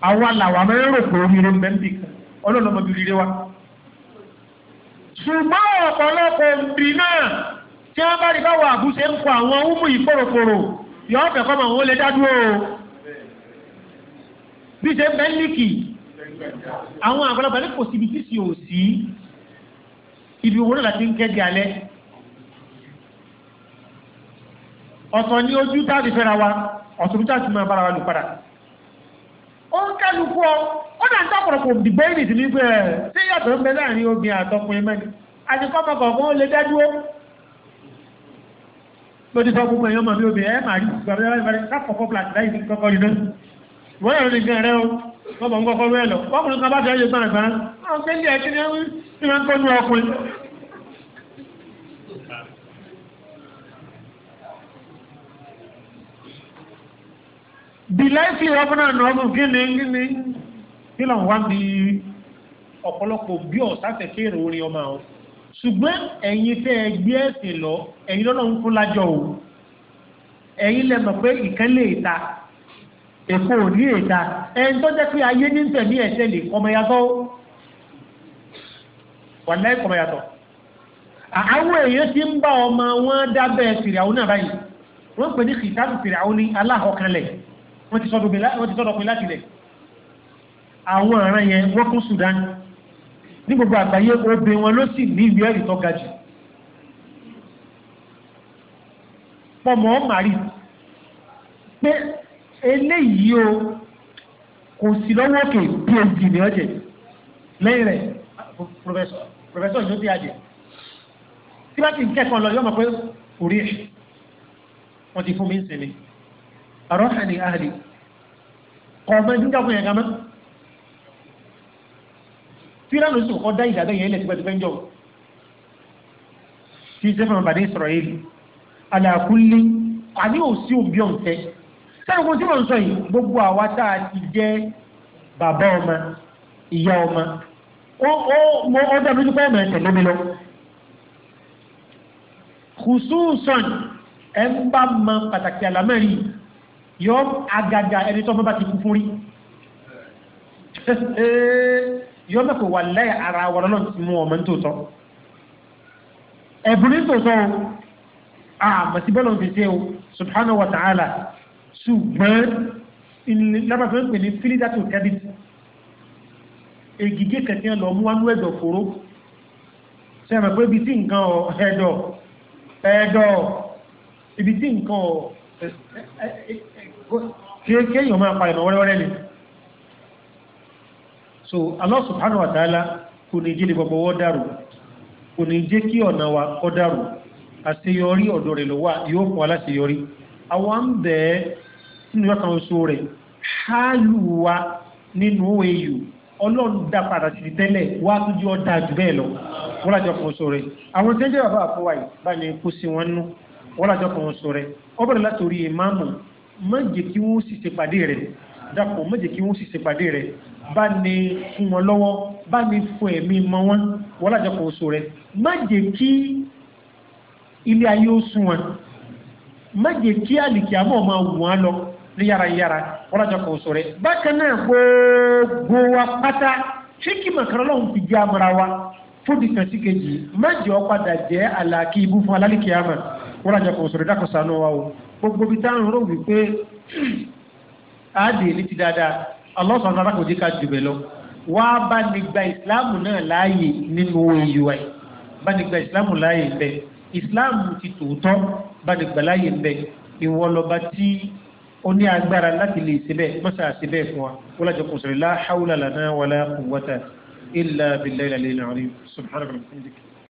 àwa làwa máa ń rò pé orí kan ọlọ́run ọmọbìnrin rere wa ṣùgbọ́n ọ̀pọ̀lọpọ̀ òǹdì náà tí wọ́n bá rí báwọn àbúṣe ń kọ àwọn úmù ìkòròkòrò yọ̀ọ́ fẹ́ kọ́mọ àwọn olè dádúró bí ṣe bẹ́ńlíkì àwọn àgbàlagbà ní kò síbi tí sì ò sí ibi owó náà ti ń kẹ́ di alẹ́ ó ń kálukú ọ ó dà ń tọ́pọ̀lọpọ̀ dìgbẹ́ ìrìn sí ẹ̀ ṣé yàtọ̀ ń bẹ láàrin obìnrin àtọkùnrin mẹ́ni àtikọ́ mọ̀kànkan ó lè dájú ó ló ti sọ gbogbo èèyàn mọ̀ mí obìnrin ẹ̀ máa rí gbàgbé ọ̀rẹ́ ìbáraẹ̀ káfọ̀kọ́ plat láì sí kọ́kọ́ yìí náà wọ́n yàrá ní gan rẹ o wọ́n bọ̀ ń kọ́kọ́ rẹ lọ ọkùnrin kan bá fẹ́ yẹ bìláìsì ọ̀pọ̀nà ọdún gíní gíní nílò wá bí ọ̀pọ̀lọpọ̀ bí ọ̀sáfẹ́ kéèrè orin ọmọ àwọn ṣùgbọ́n ẹ̀yin tẹ́ ẹ gbé ẹ̀sìn lọ ẹ̀yin lọ́nà ń lájọ o ẹ̀yin lẹ pé ìkan lè ta èkó ò ní èta ẹni tó pé ayé ní lè àwọn èèyàn ti ń bá ọmọ wọn náà báyìí pè ní kìtàbù wọ́n ti sọ́dọ̀ pin láti lẹ̀ àwọn ọ̀ràn yẹn wọ́n kún Sudan ní gbogbo àgbáyé obìnrin wọn ló sì ní ìwé ẹ̀rí tó ga jù pọ̀mọ́ màrí pé eléyìí o kò sí lọ́wọ́ òkè phd ní ọ̀jẹ̀ lẹ́yìn rẹ̀ professor yóò ti àjẹ́ tí bá ti ń kẹ́kọ̀ọ́ lọ yọ́mọ̀ pé kò rí ẹ̀ wọ́n ti fún mi ń sinmi àrọ́hàní àhàlì kọ̀ọ̀mọ́ ẹni dákun yẹn kama fílànù sì kọ́ dá ìdàgbẹ́ yẹn lẹ̀ tipẹ́tipẹ́ ń jọ tí sẹ́fẹ̀ bàdé sọ̀rọ̀ yìí alákùnlé àní òsì òbí ọ̀ǹtẹ́ sẹ́nu kó tí wọ́n ń sọ yìí gbogbo àwa tá a ti jẹ́ bàbá ọmọ ìyá ọmọ ó ó mo ọjọ́ mi dúpẹ́ mọ̀ ẹ̀tẹ̀ lómi lọ kùsùn sàn ẹ̀ ń bá mọ pàtàkì àlámẹ́rin yìí yọ agaga ẹni tó bá ti kú fún rí yọ mẹ́kọ̀ọ́ wà láyé ara wọn náà ti mú ọmọ nítòótọ́ ẹ̀bùn nítòótọ́ o àmọ́ sí bọ́lọ̀ fi ṣe o subhanahu wa ta'ala ṣùgbọ́n lábàfẹ́ ń pè ní fílídàtò kẹ́bìtì egige kẹtẹ lọ mú wánú ẹdọ fòró ṣe àmọ pé ibi tí nǹkan ọ ẹdọ ẹdọ ibi tí nǹkan ọ tí ó kéèyàn máa palẹ̀mọ́ wẹ́rẹ́wẹ́rẹ́ ni so Allah subhanahu wa ta'ala kò ní jẹ́ ní gbogbo wọ́n kò ní jẹ́ kí ọ̀nà wa kọ́ dàrú àṣeyọrí ọ̀dọ̀ rẹ̀ lọ́wọ́ yóò fún aláṣeyọrí àwọn ń bẹ̀ nínú ọkàn rẹ̀ wa nínú ọlọ́run dá padà sí tẹ́lẹ̀ wá tó jẹ́ ọ̀dà jù bẹ́ẹ̀ lọ kan oṣù rẹ̀ àwọn má jẹ́ kí wọ́n sì ṣe pàdé rẹ̀ dàpọ̀ má jẹ́ kí wọ́n sì ṣe pàdé rẹ̀ bá ní fún wọn lọ́wọ́ bá ní fún ẹ̀mí mọ́ wọn wọ́n lájọpọ̀ oṣù rẹ̀ má jẹ́ kí ilé ayé ó sún wọn má kí àlìkí àmọ́ máa wọn lọ ní yàrá-yàrá wọ́n lájọpọ̀ oṣù rẹ̀ bákan náà gbogbo wa pátá ṣé kí màkàrọ́ lọ́hùn fi jẹ́ amara wa fóbi kan sí kejì má jẹ́ ọ padà jẹ́ àlàkí ibú fún alálìkí àmọ́ wọ́n lájọpọ̀ oṣù rẹ̀ dákọ̀ sànú wa o gbogbo bí táwọn rò wípé àádìí ní ti dáadáa Allah subhanahu wa ta'ala kò jẹ́ ká jù bẹ̀ lọ wá bá ní gba ìsìláàmù náà láàyè nínú oyè wa bá ní gba ìsìláàmù láàyè bẹ́ẹ̀ ìsìláàmù ti tòótọ́ bá ní gbà láàyè bẹ́ẹ̀ ìwọ lọ́ba tí ó ní agbára láti lè ṣe bẹ́ẹ̀ mọ́sá ṣe bẹ́ẹ̀ fún wa wọ́n lájọ kùn sọ̀rọ̀ la hawla lana wala quwwata